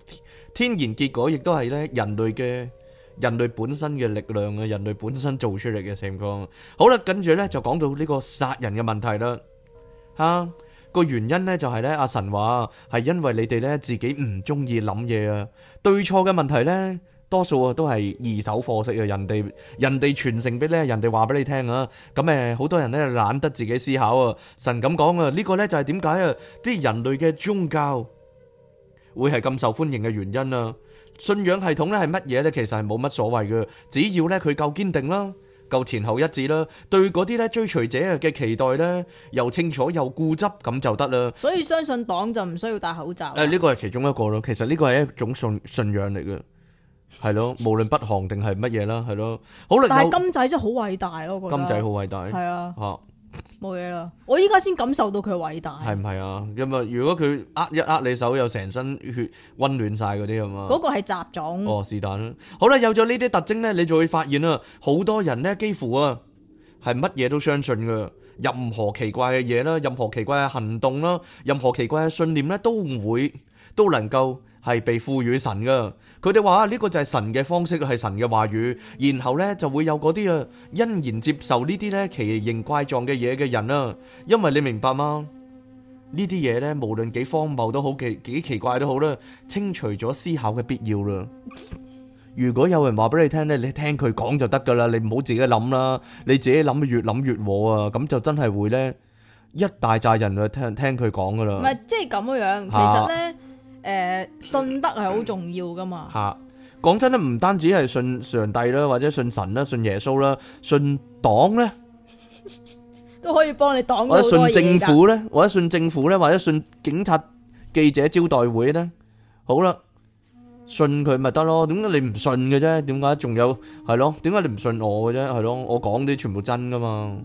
天然結果亦都係咧人類嘅人類本身嘅力量啊，人類本身做出嚟嘅情況。好啦，跟住咧就講到呢個殺人嘅問題啦。啊，個原因咧就係咧阿神話係因為你哋咧自己唔中意諗嘢啊，對錯嘅問題咧。多數啊都係二手貨色啊，人哋人哋傳承俾你，人哋話俾你聽啊。咁誒，好多人咧懶得自己思考啊。神咁講啊，呢個呢就係點解啊，啲人類嘅宗教會係咁受歡迎嘅原因啊。信仰系統呢係乜嘢呢，其實係冇乜所謂嘅，只要呢佢夠堅定啦，夠前後一致啦，對嗰啲咧追隨者嘅期待呢又清楚又固執咁就得啦。所以相信黨就唔需要戴口罩。誒，呢個係其中一個咯。其實呢個係一種信信仰嚟嘅。係咯，無論北韓定係乜嘢啦，係咯。好啦，但係金仔真係好偉大咯，金仔好偉大，係的啊，吓冇嘢啦。我依家先感受到佢偉大，係唔係啊？因為，如果佢握一握你手，又成身血溫暖曬嗰啲啊嘛，嗰個係雜種哦，是但啦。好啦，有咗呢啲特徵咧，你就會發現啊，好多人咧幾乎啊係乜嘢都相信噶，任何奇怪嘅嘢啦，任何奇怪嘅行動啦，任何奇怪嘅信念咧，都會都能夠。係被賦予神噶，佢哋話呢個就係神嘅方式，係神嘅話語，然後咧就會有嗰啲啊欣然接受呢啲咧奇形怪狀嘅嘢嘅人啦。因為你明白嗎？呢啲嘢咧，無論幾荒謬都好，奇幾奇怪都好啦，清除咗思考嘅必要啦。如果有人話俾你聽咧，你聽佢講就得噶啦，你唔好自己諗啦，你自己諗越諗越和啊，咁就真係會咧一大扎人去聽聽佢講噶啦。唔係即係咁樣，其實咧。誒，信德係好重要噶嘛？吓，講真啦，唔單止係信上帝啦，或者信神啦，信耶穌啦，信黨咧都可以幫你擋。或者信政府咧，或者信政府咧，或者信警察記者招待會咧，好啦，信佢咪得咯？點解你唔信嘅啫？點解仲有？係咯，點解你唔信我嘅啫？係咯？我講啲全部真噶嘛？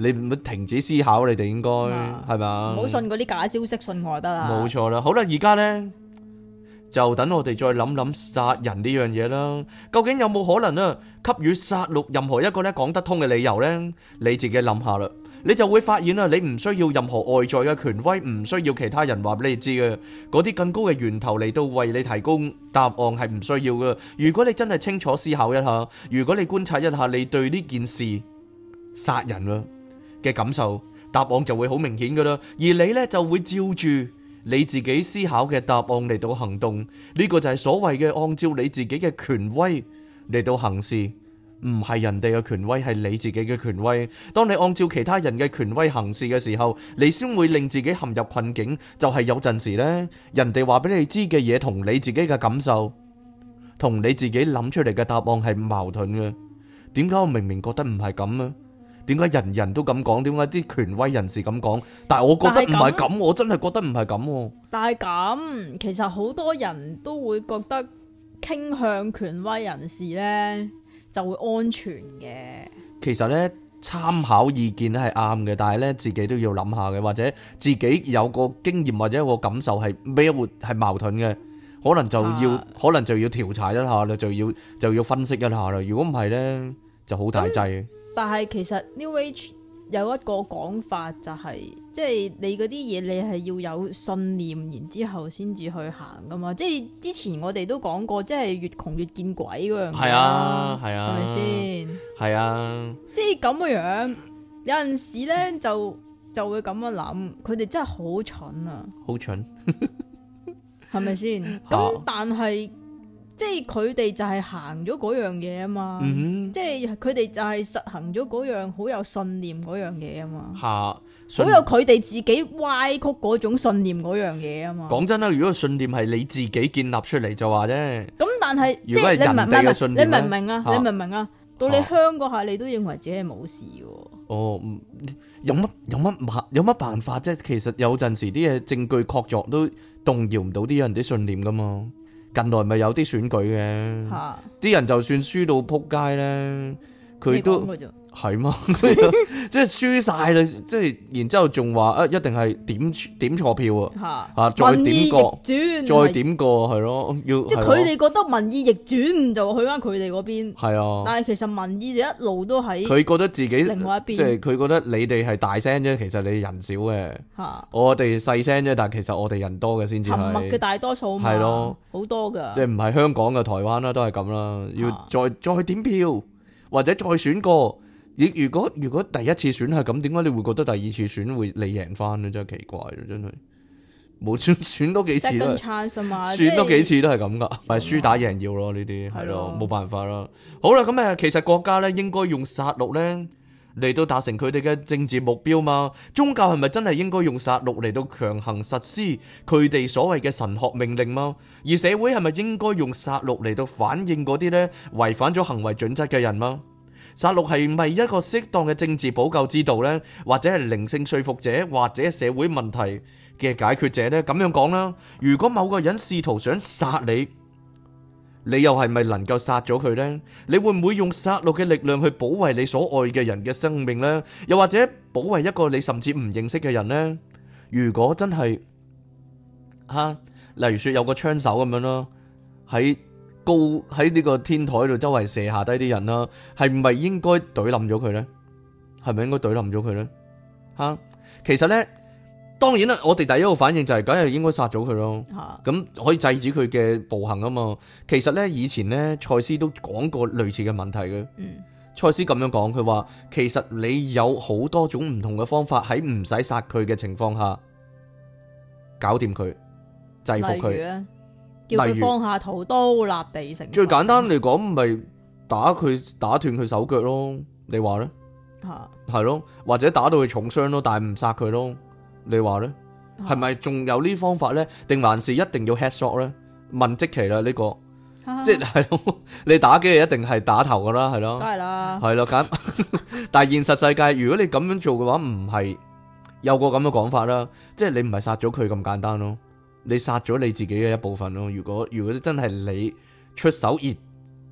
你唔會停止思考，你哋應該係嘛？唔好信嗰啲假消息，信我得啦。冇錯啦，好啦，而家呢就等我哋再諗諗殺人呢樣嘢啦。究竟有冇可能呀，給予殺戮任何一個呢講得通嘅理由呢？你自己諗下啦，你就會發現啦，你唔需要任何外在嘅權威，唔需要其他人話俾你知嘅，嗰啲更高嘅源頭嚟到為你提供答案係唔需要嘅。如果你真係清楚思考一下，如果你觀察一下，你對呢件事殺人啦。嘅感受，答案就會好明顯噶啦，而你呢就會照住你自己思考嘅答案嚟到行動，呢個就係所謂嘅按照你自己嘅權威嚟到行事，唔係人哋嘅權威，係你自己嘅權威。當你按照其他人嘅權威行事嘅時候，你先會令自己陷入困境。就係有陣時呢，人哋話俾你知嘅嘢，同你自己嘅感受，同你自己諗出嚟嘅答案係矛盾嘅。點解我明明覺得唔係咁啊？點解人人都咁講？點解啲權威人士咁講？但係我覺得唔係咁，我真係覺得唔係咁喎。但係咁，其實好多人都會覺得傾向權威人士呢就會安全嘅。其實呢，參考意見咧係啱嘅，但係呢，自己都要諗下嘅，或者自己有個經驗或者有個感受係咩活係矛盾嘅，可能就要、啊、可能就要調查一下啦，就要就要分析一下啦。如果唔係呢，就好大劑。嗯但係其實 New Age 有一個講法就係、是，即係你嗰啲嘢你係要有信念，然之後先至去行噶嘛。即係之前我哋都講過，即係越窮越見鬼嗰樣。係啊，係啊，係咪先？係啊。即係咁嘅樣，樣，有陣時咧就就會咁樣諗，佢哋真係好蠢啊！好很蠢，係咪先？咁但係。 [LAUGHS] 即係佢哋就係行咗嗰樣嘢啊嘛，嗯、哼即係佢哋就係實行咗嗰樣好有信念嗰樣嘢啊嘛，好有佢哋自己歪曲嗰種信念嗰樣嘢啊嘛。講真啦，如果信念係你自己建立出嚟就話啫，咁但係即係人哋嘅信念，你明唔明？你明唔明啊？啊你明唔明啊？到你香嗰下，啊、你都認為自己係冇事嘅。哦，有乜有乜有乜辦法啫？其實有陣時啲嘢證據確鑿都動搖唔到啲人啲信念噶嘛。近來咪有啲選舉嘅，啲 [MUSIC] 人就算輸到撲街咧，佢 [MUSIC] 都。係嘛？即係輸晒啦！即係然之後仲話啊，一定係點點錯票啊！啊，再點過，再點過，係咯，要即係佢哋覺得民意逆轉，就去翻佢哋嗰邊。係啊，但係其實民意就一路都喺佢覺得自己另外一邊，即係佢覺得你哋係大聲啫，其實你哋人少嘅。吓，我哋細聲啫，但係其實我哋人多嘅先至係沉默嘅大多數。係咯，好多㗎，即係唔係香港嘅台灣啦，都係咁啦。要再再點票或者再選過。如果如果第一次選係咁，點解你會覺得第二次選會你贏翻呢？真係奇怪，真係冇選選多幾次啦，選多幾次都係咁噶，咪輸打贏要咯，呢啲係咯，冇的辦法啦。的好啦，咁誒，其實國家呢應該用殺戮呢嚟到達成佢哋嘅政治目標嘛？宗教係咪真係應該用殺戮嚟到強行實施佢哋所謂嘅神學命令嘛？而社會係咪應該用殺戮嚟到反映嗰啲呢違反咗行為準則嘅人嘛？殺戮係咪一個適當嘅政治補救之道呢？或者係靈性說服者，或者社會問題嘅解決者呢？咁樣講啦。如果某個人試圖想殺你，你又係咪能夠殺咗佢呢？你會唔會用殺戮嘅力量去保衛你所愛嘅人嘅生命呢？又或者保衛一個你甚至唔認識嘅人呢？如果真係吓，例如說有個槍手咁樣咯，喺。高喺呢個天台度周圍射下低啲人啦，係唔係應該懟冧咗佢呢？係咪應該懟冧咗佢呢？吓、啊，其實呢，當然啦，我哋第一個反應就係梗係應該殺咗佢咯。咁、啊、可以制止佢嘅暴行啊嘛。其實呢，以前呢，蔡司都講過類似嘅問題嘅。蔡司咁樣講，佢話其實你有好多種唔同嘅方法喺唔使殺佢嘅情況下搞掂佢，制服佢。叫佢放下屠刀，例如立地成佛。最簡單嚟講，唔、就、係、是、打佢，打斷佢手腳咯。你話咧？吓、啊，係咯，或者打到佢重傷咯，但係唔殺佢咯。你話咧？係咪仲有呢方法咧？定還是一定要 head shot 咧？問奇、這個啊、即期啦，呢個即係咯。你打機係一定係打頭噶啦，係咯，梗係啦，係咯咁。但係現實世界，如果你咁樣做嘅話，唔係有個咁嘅講法啦。即係你唔係殺咗佢咁簡單咯。你殺咗你自己嘅一部分咯，如果如果真係你出手而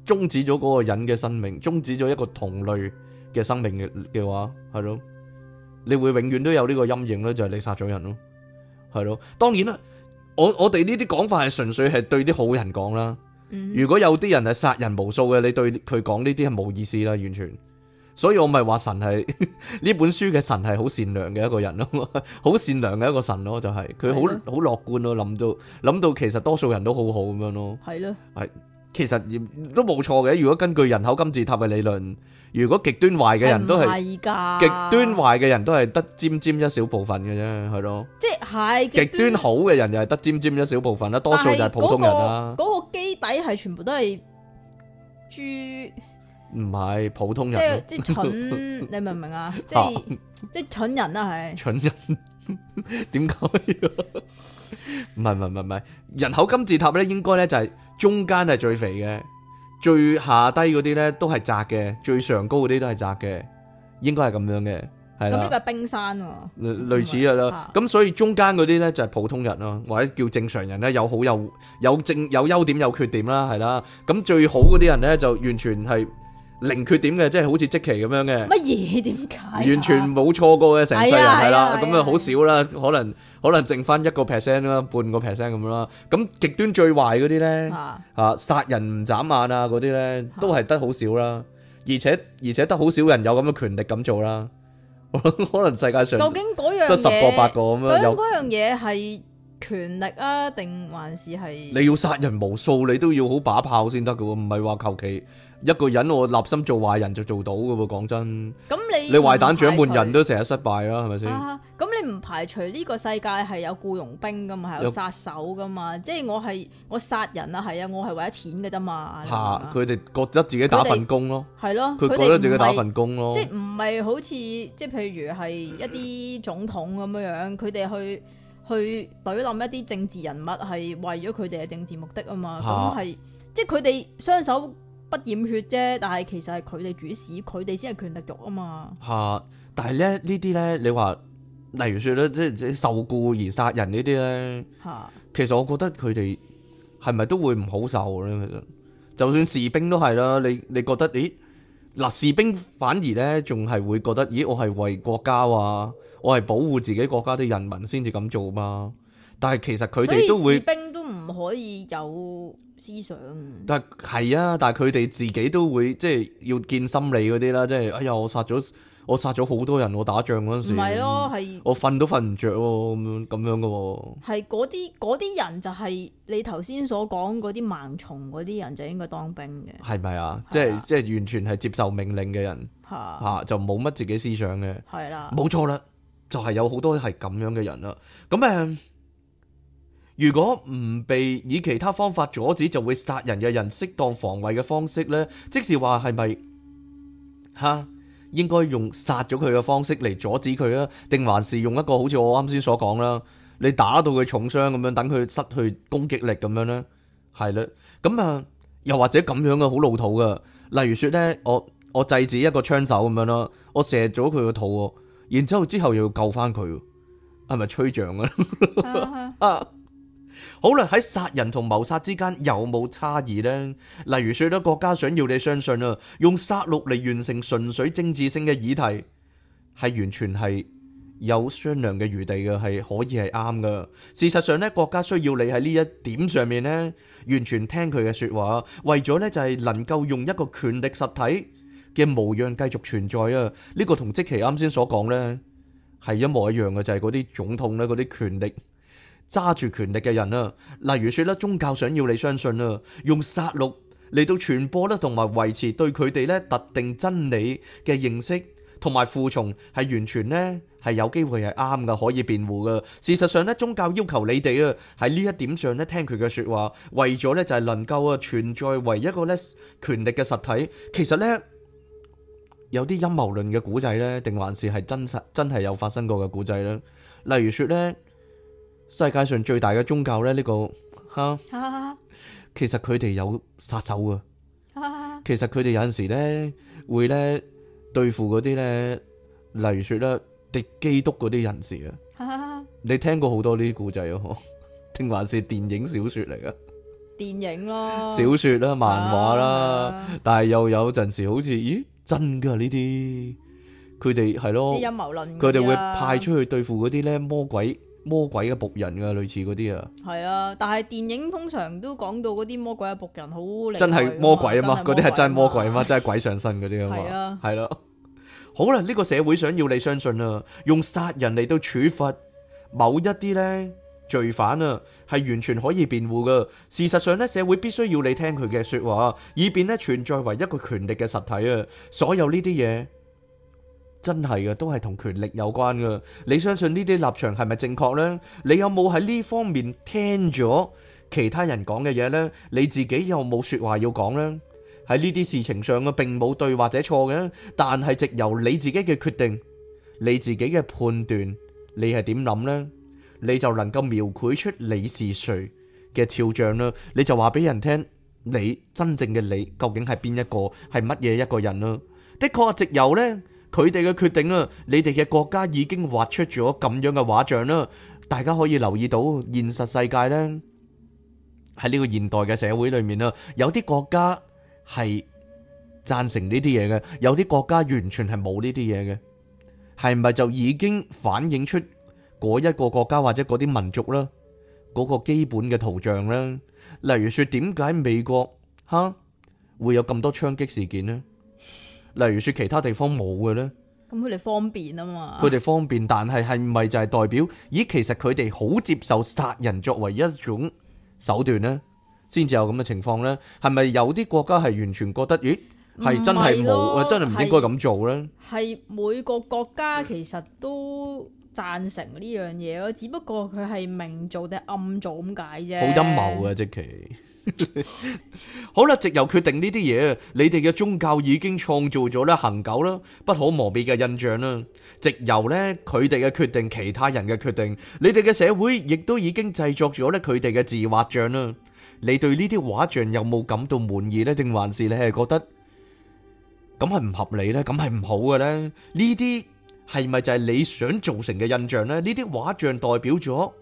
終止咗嗰個人嘅生命，終止咗一個同類嘅生命嘅話，係咯，你會永遠都有呢個陰影咯，就係、是、你殺咗人咯，係咯。當然啦，我我哋呢啲講法係純粹係對啲好人講啦。如果有啲人係殺人無數嘅，你對佢講呢啲係冇意思啦，完全。所以我咪話神係呢 [LAUGHS] 本書嘅神係好善良嘅一個人咯，好 [LAUGHS] 善良嘅一個神咯，就係佢好好樂觀咯，諗到諗到其實多數人都好好咁樣咯。係咯是的，係其實都冇錯嘅。如果根據人口金字塔嘅理論，如果極端壞嘅人都係極端壞嘅人都係得尖尖一小部分嘅啫，係咯。即係極端，極端好嘅人又係得尖尖一小部分啦，多數就係普通人啦。嗰、嗰個嗰個基底係全部都係豬。唔係普通人，即係即係蠢，你明唔明 [LAUGHS] 啊？即係即係蠢人啦，係蠢人點解？唔係唔係唔係，人口金字塔咧，應該咧就係中間係最肥嘅，最下低嗰啲咧都係窄嘅，最上高嗰啲都係窄嘅，應該係咁樣嘅，係啦。咁呢個係冰山、啊，類類似噶啦。咁是所以中間嗰啲咧就係普通人咯，或者叫正常人咧，有好有有正有優點有缺點啦，係啦。咁最好嗰啲人咧就完全係。零缺點嘅，即係好似即期咁樣嘅。乜嘢？點解？完全冇錯過嘅，成世人係啦，咁啊好少啦，可能可能剩翻一個 percent 啦，半個 percent 咁啦。咁極端最壞嗰啲咧，嚇殺人唔眨眼啊嗰啲咧，都係得好少啦。而且而且得好少人有咁嘅權力咁做啦。可能世界上究竟嗰樣得十個八個咁樣又嗰樣嘢係。權力啊，定還是係你要殺人無數，你都要好把炮先得嘅喎，唔係話求其一個人我立心做壞人就做到嘅喎，講真。咁你你壞蛋掌門人都成日失敗啦，係咪先？咁你唔排除呢個世界係有僱傭兵嘅嘛，係有殺手嘅嘛？即係我係我殺人啊，係啊，我係為咗錢嘅啫嘛。吓，佢哋覺得自己打份工咯，係咯，佢覺得自己打份工咯，即係唔係好似即係譬如係一啲總統咁樣樣，佢哋去。去懟冧一啲政治人物，係為咗佢哋嘅政治目的啊嘛，咁係、啊、即係佢哋雙手不染血啫，但係其實係佢哋主使，佢哋先係權力慾啊嘛。吓、啊，但係咧呢啲咧，你話例如說咧，即係受僱而殺人呢啲咧，吓、啊，其實我覺得佢哋係咪都會唔好受咧？其實，就算士兵都係啦，你你覺得咦嗱？士兵反而咧仲係會覺得咦，我係為國家啊？我係保護自己國家啲人民先至咁做嘛，但係其實佢哋都會兵都唔可以有思想。但係係啊，但係佢哋自己都會即係要見心理嗰啲啦，即係哎呀，我殺咗我殺咗好多人，我打仗嗰陣時唔係咯，係我瞓都瞓唔着咯，咁樣咁樣嘅喎。係嗰啲嗰啲人就係你頭先所講嗰啲盲從嗰啲人就應該當兵嘅，係咪啊？即係即係完全係接受命令嘅人，吓吓、啊啊、就冇乜自己思想嘅，係啦、啊，冇錯啦。就係有好多係咁樣嘅人啦，咁誒，如果唔被以其他方法阻止，就會殺人嘅人適當防衛嘅方式呢？即是話係咪吓應該用殺咗佢嘅方式嚟阻止佢啊？定還是用一個好似我啱先所講啦，你打到佢重傷咁樣，等佢失去攻擊力咁樣呢？係啦，咁啊，又或者咁樣嘅好老土噶，例如說呢，我我制止一個槍手咁樣咯，我射咗佢個肚。然之後之後又要救翻佢，係咪吹脹 [LAUGHS] 啊？啊 [LAUGHS] 好啦，喺殺人同謀殺之間有冇差異呢？例如說，許多國家想要你相信啊，用殺戮嚟，完成純粹政治性嘅議題，係完全係有商量嘅餘地嘅，係可以係啱㗎。事實上咧，國家需要你喺呢一點上面咧，完全聽佢嘅說話，為咗呢就係能夠用一個權力實體嘅模樣繼續存在啊！呢個同即其啱先所講咧係一模一樣嘅，就係嗰啲總統咧，嗰啲權力揸住權力嘅人啊。例如説咧，宗教想要你相信啊，用殺戮嚟到傳播咧，同埋維持對佢哋咧特定真理嘅認識同埋服從係完全咧係有機會係啱嘅，可以辯護嘅。事實上咧，宗教要求你哋啊喺呢一點上咧聽佢嘅説話，為咗咧就係能夠啊存在為一個咧權力嘅實體，其實咧。有啲陰謀論嘅古仔咧，定還是係真實真係有發生過嘅古仔咧？例如說咧，世界上最大嘅宗教咧呢、呢個哈，哈其實佢哋有殺手噶，哈哈其實佢哋有陣時咧會咧對付嗰啲咧，例如說咧敵基督嗰啲人士啊。哈哈你聽過好多呢啲古仔啊，定 [LAUGHS] 還是電影小說嚟噶？電影咯，小說啦，漫畫啦，哈但係又有陣時好似咦？真噶呢啲，佢哋係咯，陰謀論，佢哋會派出去對付嗰啲咧魔鬼、魔鬼嘅僕人啊，類似嗰啲啊。係啊，但係電影通常都講到嗰啲魔鬼嘅僕人好。真係魔鬼啊嘛，嗰啲係真係魔鬼啊嘛， [LAUGHS] 真係鬼上身嗰啲啊嘛。係啊，係咯是、啊。 [LAUGHS] 好啦，呢、這個社會想要你相信啊，用殺人嚟到處罰某一啲咧。罪犯啊，係完全可以辯護噶。事實上呢，社會必須要你聽佢嘅說話，以便咧存在為一個權力嘅實體啊。所有呢啲嘢真係嘅，都係同權力有關噶。你相信呢啲立場係咪正確呢？你有冇喺呢方面聽咗其他人講嘅嘢呢？你自己有冇說話要講呢？喺呢啲事情上嘅，並冇對或者錯嘅，但係藉由你自己嘅決定，你自己嘅判斷，你係點諗呢？你就能夠描繪出你是誰嘅肖像啦，你就話俾人聽你真正嘅你究竟係邊一個，係乜嘢一個人啦？的確啊，藉由咧，佢哋嘅決定啊，你哋嘅國家已經畫出咗咁樣嘅畫像啦。大家可以留意到現實世界咧，喺呢個現代嘅社會裏面啦，有啲國家係贊成呢啲嘢嘅，有啲國家完全係冇呢啲嘢嘅，係咪就已經反映出？嗰一個國家或者嗰啲民族啦，嗰個基本嘅圖像啦，例如說點解美國吓會有咁多槍擊事件呢？例如說其他地方冇嘅呢？咁佢哋方便啊嘛。佢哋方便，但係係唔係就係代表？咦，其實佢哋好接受殺人作為一種手段呢？先至有咁嘅情況呢？係咪有啲國家係完全覺得咦，係真係冇，真係唔應該咁做呢？係每個國家其實都。 [LAUGHS] 贊成呢樣嘢咯，只不過佢係明做定暗做咁解啫。好陰謀呀，即其好啦。藉由決定呢啲嘢，你哋嘅宗教已經創造咗咧，恆久啦，不可磨滅嘅印象啦。藉由咧，佢哋嘅決定，其他人嘅決定，你哋嘅社會亦都已經製作咗咧，佢哋嘅自畫像啦。你對呢啲畫像有冇感到滿意咧？定還是你係覺得咁係唔合理咧？咁係唔好嘅咧？呢啲。係咪就係你想造成嘅印象呢？呢啲畫像代表咗，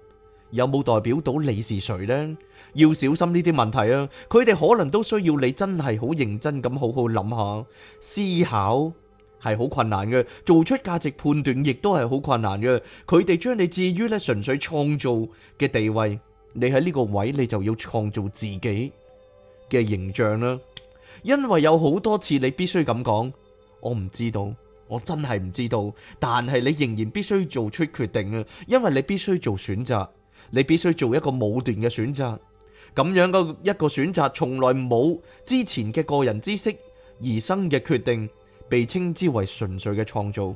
有冇代表到你是誰呢？要小心呢啲問題啊！佢哋可能都需要你真係好認真咁好好諗下思考，係好困難嘅。做出價值判斷亦都係好困難嘅。佢哋將你置於咧純粹創造嘅地位，你喺呢個位你就要創造自己嘅形象啦。因為有好多次你必須咁講，我唔知道。我真係唔知道，但係你仍然必須做出決定啊！因為你必須做選擇，你必須做一個武斷嘅選擇。咁樣嘅一個選擇，從來冇之前嘅個人知識而生嘅決定，被稱之為純粹嘅創造。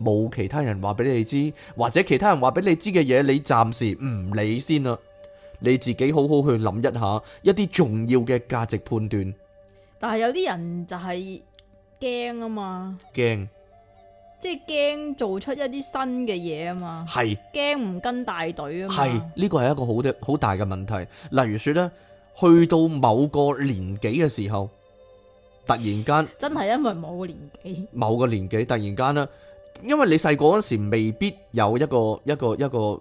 冇其他人話俾你知，或者其他人話俾你知嘅嘢，你暫時唔理先啦。你自己好好去諗一下一啲重要嘅價值判斷。但係有啲人就係、是。驚啊嘛，驚，即係驚做出一啲新嘅嘢啊嘛，係驚唔跟大隊啊嘛，係呢個係一個好好大嘅問題。例如說咧，去到某個年紀嘅時候，突然間真係因為某個年紀某個年紀突然間咧，因為你細個嗰時未必有一個一個一個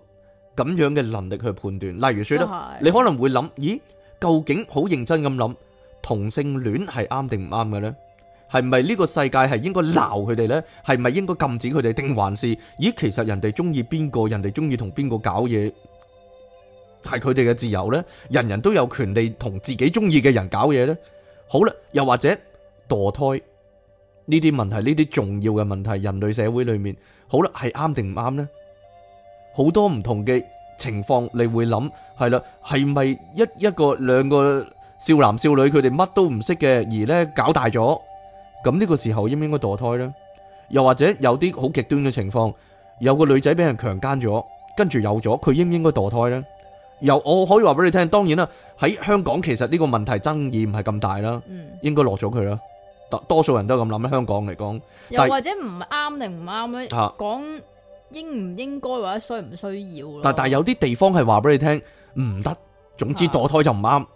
咁樣嘅能力去判斷。例如說咧，是你可能會諗咦，究竟好認真咁諗同性戀係啱定唔啱嘅咧？係咪呢個世界係應該鬧佢哋呢？係咪應該禁止佢哋，定還是咦？其實人哋中意邊個人哋中意同邊個搞嘢，係佢哋嘅自由呢。人人都有權利同自己中意嘅人搞嘢呢。好啦，又或者墮胎呢啲問題，呢啲重要嘅問題，人類社會裏面好啦，係啱定唔啱呢？好多唔同嘅情況，你會諗係啦，係咪一一個兩個少男少女佢哋乜都唔識嘅，而呢搞大咗？咁呢個時候應唔應該墮胎呢？又或者有啲好極端嘅情況，有個女仔俾人強奸咗，跟住有咗，佢應唔應該墮胎呢？又我可以話俾你聽，當然啦，喺香港其實呢個問題爭議唔係咁大啦，嗯、應該落咗佢啦。多多數人都咁諗香港嚟講，嗯、但又或者唔啱定唔啱呢？講、啊、應唔應該或者需唔需要咯？但、但係有啲地方係話俾你聽唔得，總之墮胎就唔啱，嗯、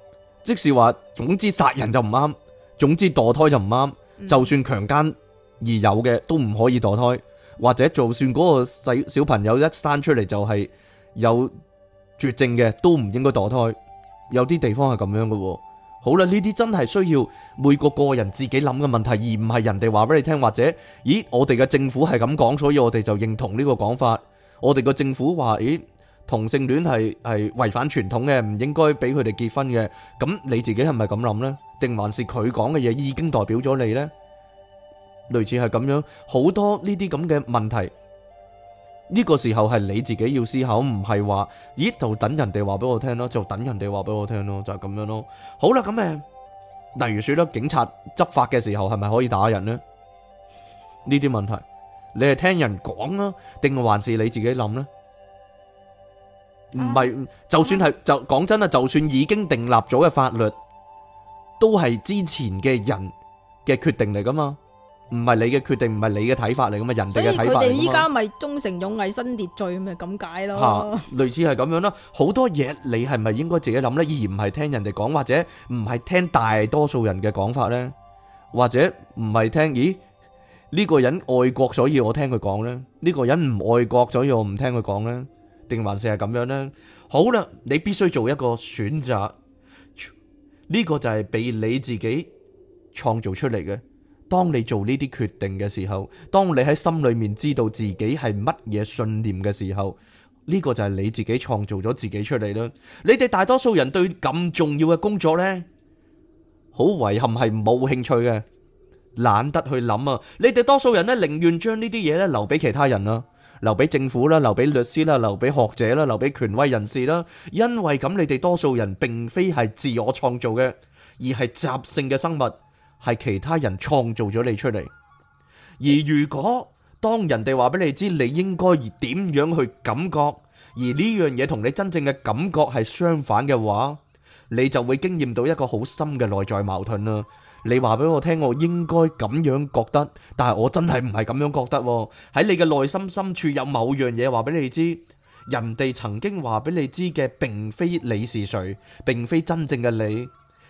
即使話總之殺人就唔啱，總之墮胎就唔啱。就算強奸而有嘅都唔可以墮胎，或者就算嗰個細小朋友一生出嚟就係有絕症嘅，都唔應該墮胎。有啲地方係咁樣嘅喎、哦。好啦，呢啲真係需要每個個人自己諗嘅問題，而唔係人哋話俾你聽，或者，咦，我哋嘅政府係咁講，所以我哋就認同呢個講法。我哋嘅政府話，咦？同性戀係係違反傳統嘅，唔應該俾佢哋結婚嘅。咁你自己係咪咁諗呢？定還是佢講嘅嘢，已經代表咗你呢？類似係咁樣，好多呢啲咁嘅問題，呢個時候係你自己要思考，唔係話，咦，就等人哋話俾我聽咯，就等人哋話俾我聽咯，就係咁樣咯。好啦，咁誒，例如，說，警察執法嘅時候係咪可以打人呢？呢啲問題，你係聽人講啊，定還是你自己諗呢？唔係，就算係就講真啦，就算已經訂立咗嘅法律，都係之前嘅人嘅決定嚟噶嘛，唔係你嘅決定，唔係你嘅睇法嚟噶嘛？人哋嘅睇法。所以佢哋依家咪忠誠勇毅新秩序咪咁解咯？類似係咁樣囉，好多嘢你係咪應該自己諗咧，而唔係聽人哋講，或者唔係聽大多數人嘅講法咧，或者唔係聽咦，呢個人愛國，所以我聽佢講咧，呢個人唔愛國，所以我唔聽佢講咧。定還是係咁樣咧？好啦，你必須做一個選擇，呢個就係俾你自己創造出嚟嘅。當你做呢啲決定嘅時候，當你喺心裏面知道自己係乜嘢信念嘅時候，呢個就係你自己創造咗自己出嚟啦。你哋大多數人對咁重要嘅工作咧，好遺憾係冇興趣嘅，懶得去諗啊！你哋多數人咧，寧願將呢啲嘢咧留俾其他人啦。留俾政府啦，留俾律師啦，留俾學者啦，留俾權威人士啦，因為咁你哋多數人並非係自我創造嘅，而係習性嘅生物，係其他人創造咗你出嚟。而如果當人哋話俾你知你應該而點樣去感覺，而呢樣嘢同你真正嘅感覺係相反嘅話，你就會經驗到一個好深嘅內在矛盾啦。你話俾我聽，我應該咁樣覺得，但係我真係唔係咁樣覺得喎。喺你嘅內心深處有某樣嘢，話俾你知，人哋曾經話俾你知嘅，並非你是誰，並非真正嘅你。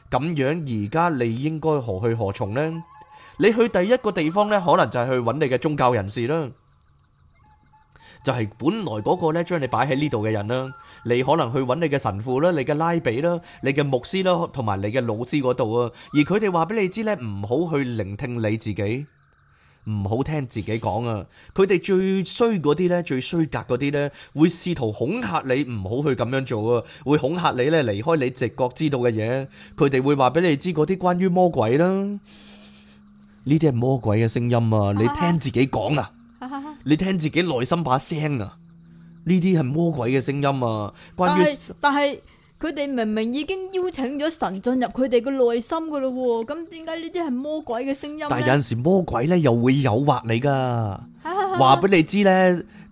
咁樣而家你應該何去何從呢？你去第一個地方呢，可能就係去揾你嘅宗教人士啦。就係本來嗰個呢，將你擺喺呢度嘅人啦，你可能去揾你嘅神父啦，你嘅拉比啦，你嘅牧師啦，同埋你嘅老師嗰度啊。而佢哋話俾你知呢，唔好去聆聽你自己，唔好聽自己講啊。佢哋最衰嗰啲呢，最衰格嗰啲呢，會試圖恐嚇你，唔好去咁樣做啊。會恐嚇你呢，離開你直覺知道嘅嘢。佢哋會話俾你知嗰啲關於魔鬼啦，呢啲係魔鬼嘅聲音啊！你聽自己講啊！你聽自己內心把聲啊！呢啲係魔鬼嘅聲音啊！關於，但係佢哋明明已經邀請咗神進入佢哋嘅內心噶咯，咁點解呢啲係魔鬼嘅聲音？但係有陣時魔鬼咧又會誘惑你噶，話俾 [LAUGHS] 你知咧，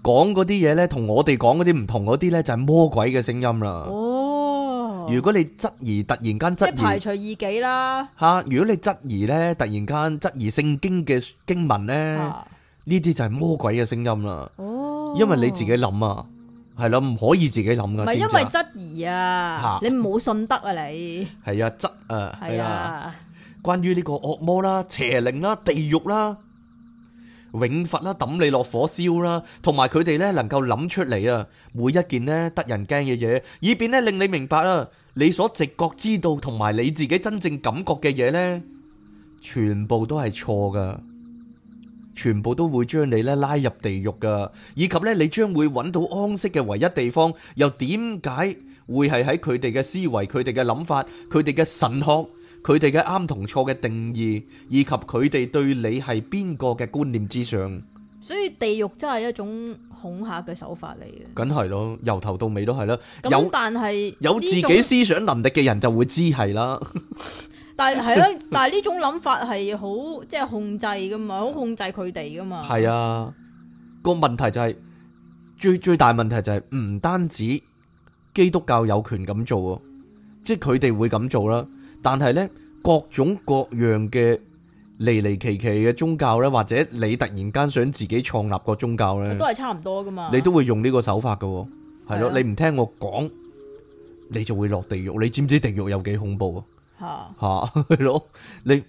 講嗰啲嘢咧同我哋講嗰啲唔同嗰啲咧就係魔鬼嘅聲音啦。哦，如、啊，如果你質疑，突然間質疑，即排除異己啦。吓，如果你質疑咧，突然間質疑聖經嘅經文咧。 [LAUGHS] 呢啲就係魔鬼嘅聲音啦哦，因為你自己諗啊，係咯，唔可以自己諗噶。唔係因為質疑啊，你冇信得啊，你係啊，質啊，係啊，關於呢個惡魔啦、邪靈啦、地獄啦、永罰啦、抌你落火燒啦，同埋佢哋咧能夠諗出嚟啊，每一件咧得人驚嘅嘢，以便咧令你明白啊，你所直覺知道同埋你自己真正感覺嘅嘢咧，全部都係錯噶。全部都會將你咧拉入地獄噶，以及咧你將會揾到安息嘅唯一地方，又點解會係喺佢哋嘅思維、佢哋嘅諗法、佢哋嘅神學、佢哋嘅啱同錯嘅定義，以及佢哋對你係邊個嘅觀念之上？所以地獄真係一種恐嚇嘅手法嚟嘅。梗係咯，由頭到尾都係啦。有但係有自己思想能力嘅人就會知係啦。 [LAUGHS] 但係係咯，但係呢種諗法係好即係控制噶嘛，好控制佢哋噶嘛。係啊，個問題就係、是、最最大問題就係、是、唔單止基督教有權咁做，即係佢哋會咁做啦。但係咧，各種各樣嘅離離奇奇嘅宗教咧，或者你突然間想自己創立個宗教咧，都係差唔多噶嘛。你都會用呢個手法噶，係咯、啊？啊、你唔聽我講，你就會落地獄。你知唔知地獄有幾恐怖啊？吓，係咯、啊， [LAUGHS] 你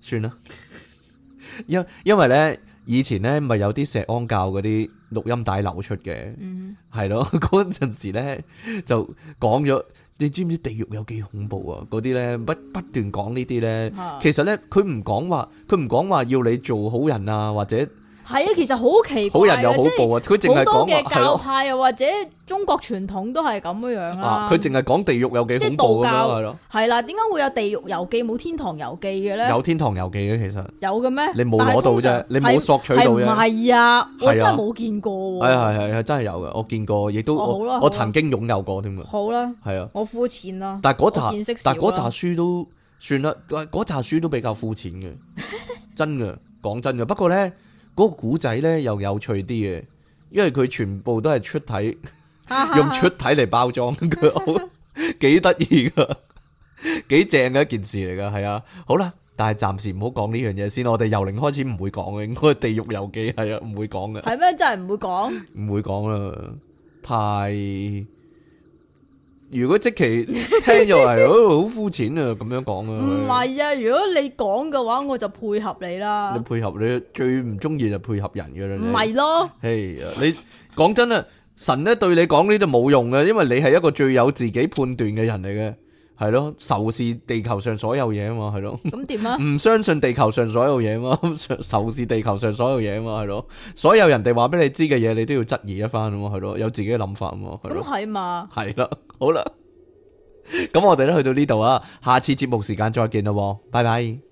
算啦，因 [LAUGHS] 因為咧以前咧咪有啲石安教嗰啲錄音帶流出嘅，係咯，嗰陣時咧就講咗，你知唔知地獄有幾恐怖啊？嗰啲咧不不斷講呢啲咧，啊、其實咧佢唔講話，佢唔講話要你做好人啊，或者。係啊，其實好奇怪啊，好人又好報啊，即係好多嘅教派又或者中國傳統都係咁樣樣啦。佢淨係講地獄有幾恐怖咁樣係咯。係啦，點解會有地獄遊記冇天堂遊記嘅咧？有天堂遊記嘅其實有嘅咩？你冇攞到啫，你冇索取到啫。係唔係啊？我真係冇見過。係係係真係有嘅，我見過，亦都我曾經擁有過添。好啦，係啊，我膚淺啦。但係嗰集，但係嗰集書都算啦，嗰集書都比較膚淺嘅，真嘅，講真嘅。不過咧。嗰個古仔咧又有趣啲嘅，因為佢全部都係出體， [LAUGHS] 用出體嚟包裝佢，幾得意噶，幾 [LAUGHS] 正嘅一件事嚟噶，係啊。好啦，但係暫時唔好講呢樣嘢先，我哋由零開始唔會講嘅，應該《地獄遊記》係啊，唔會講嘅。係咩？真係唔會講？唔 [LAUGHS] 會講啦，太～如果即期聽咗係好膚淺啊，咁 [LAUGHS] 樣講啊？唔係啊，如果你講嘅話，我就配合你啦。你配合你最唔中意就配合人㗎喇。唔係咯？係啊，hey,，你講真啊，神咧對你講呢啲都冇用嘅，因為你係一個最有自己判斷嘅人嚟嘅。係咯，仇視地球上所有嘢啊嘛，係咯。咁點啊？唔 [LAUGHS] 相信地球上所有嘢啊嘛，仇視地球上所有嘢啊嘛，係咯。所有人哋話畀你知嘅嘢，你都要質疑一番啊嘛，係咯。有自己嘅諗法啊嘛，係咯，咁係嘛。係啦，好啦，咁我哋都去到呢度啊，下次節目時間再見啦，拜拜。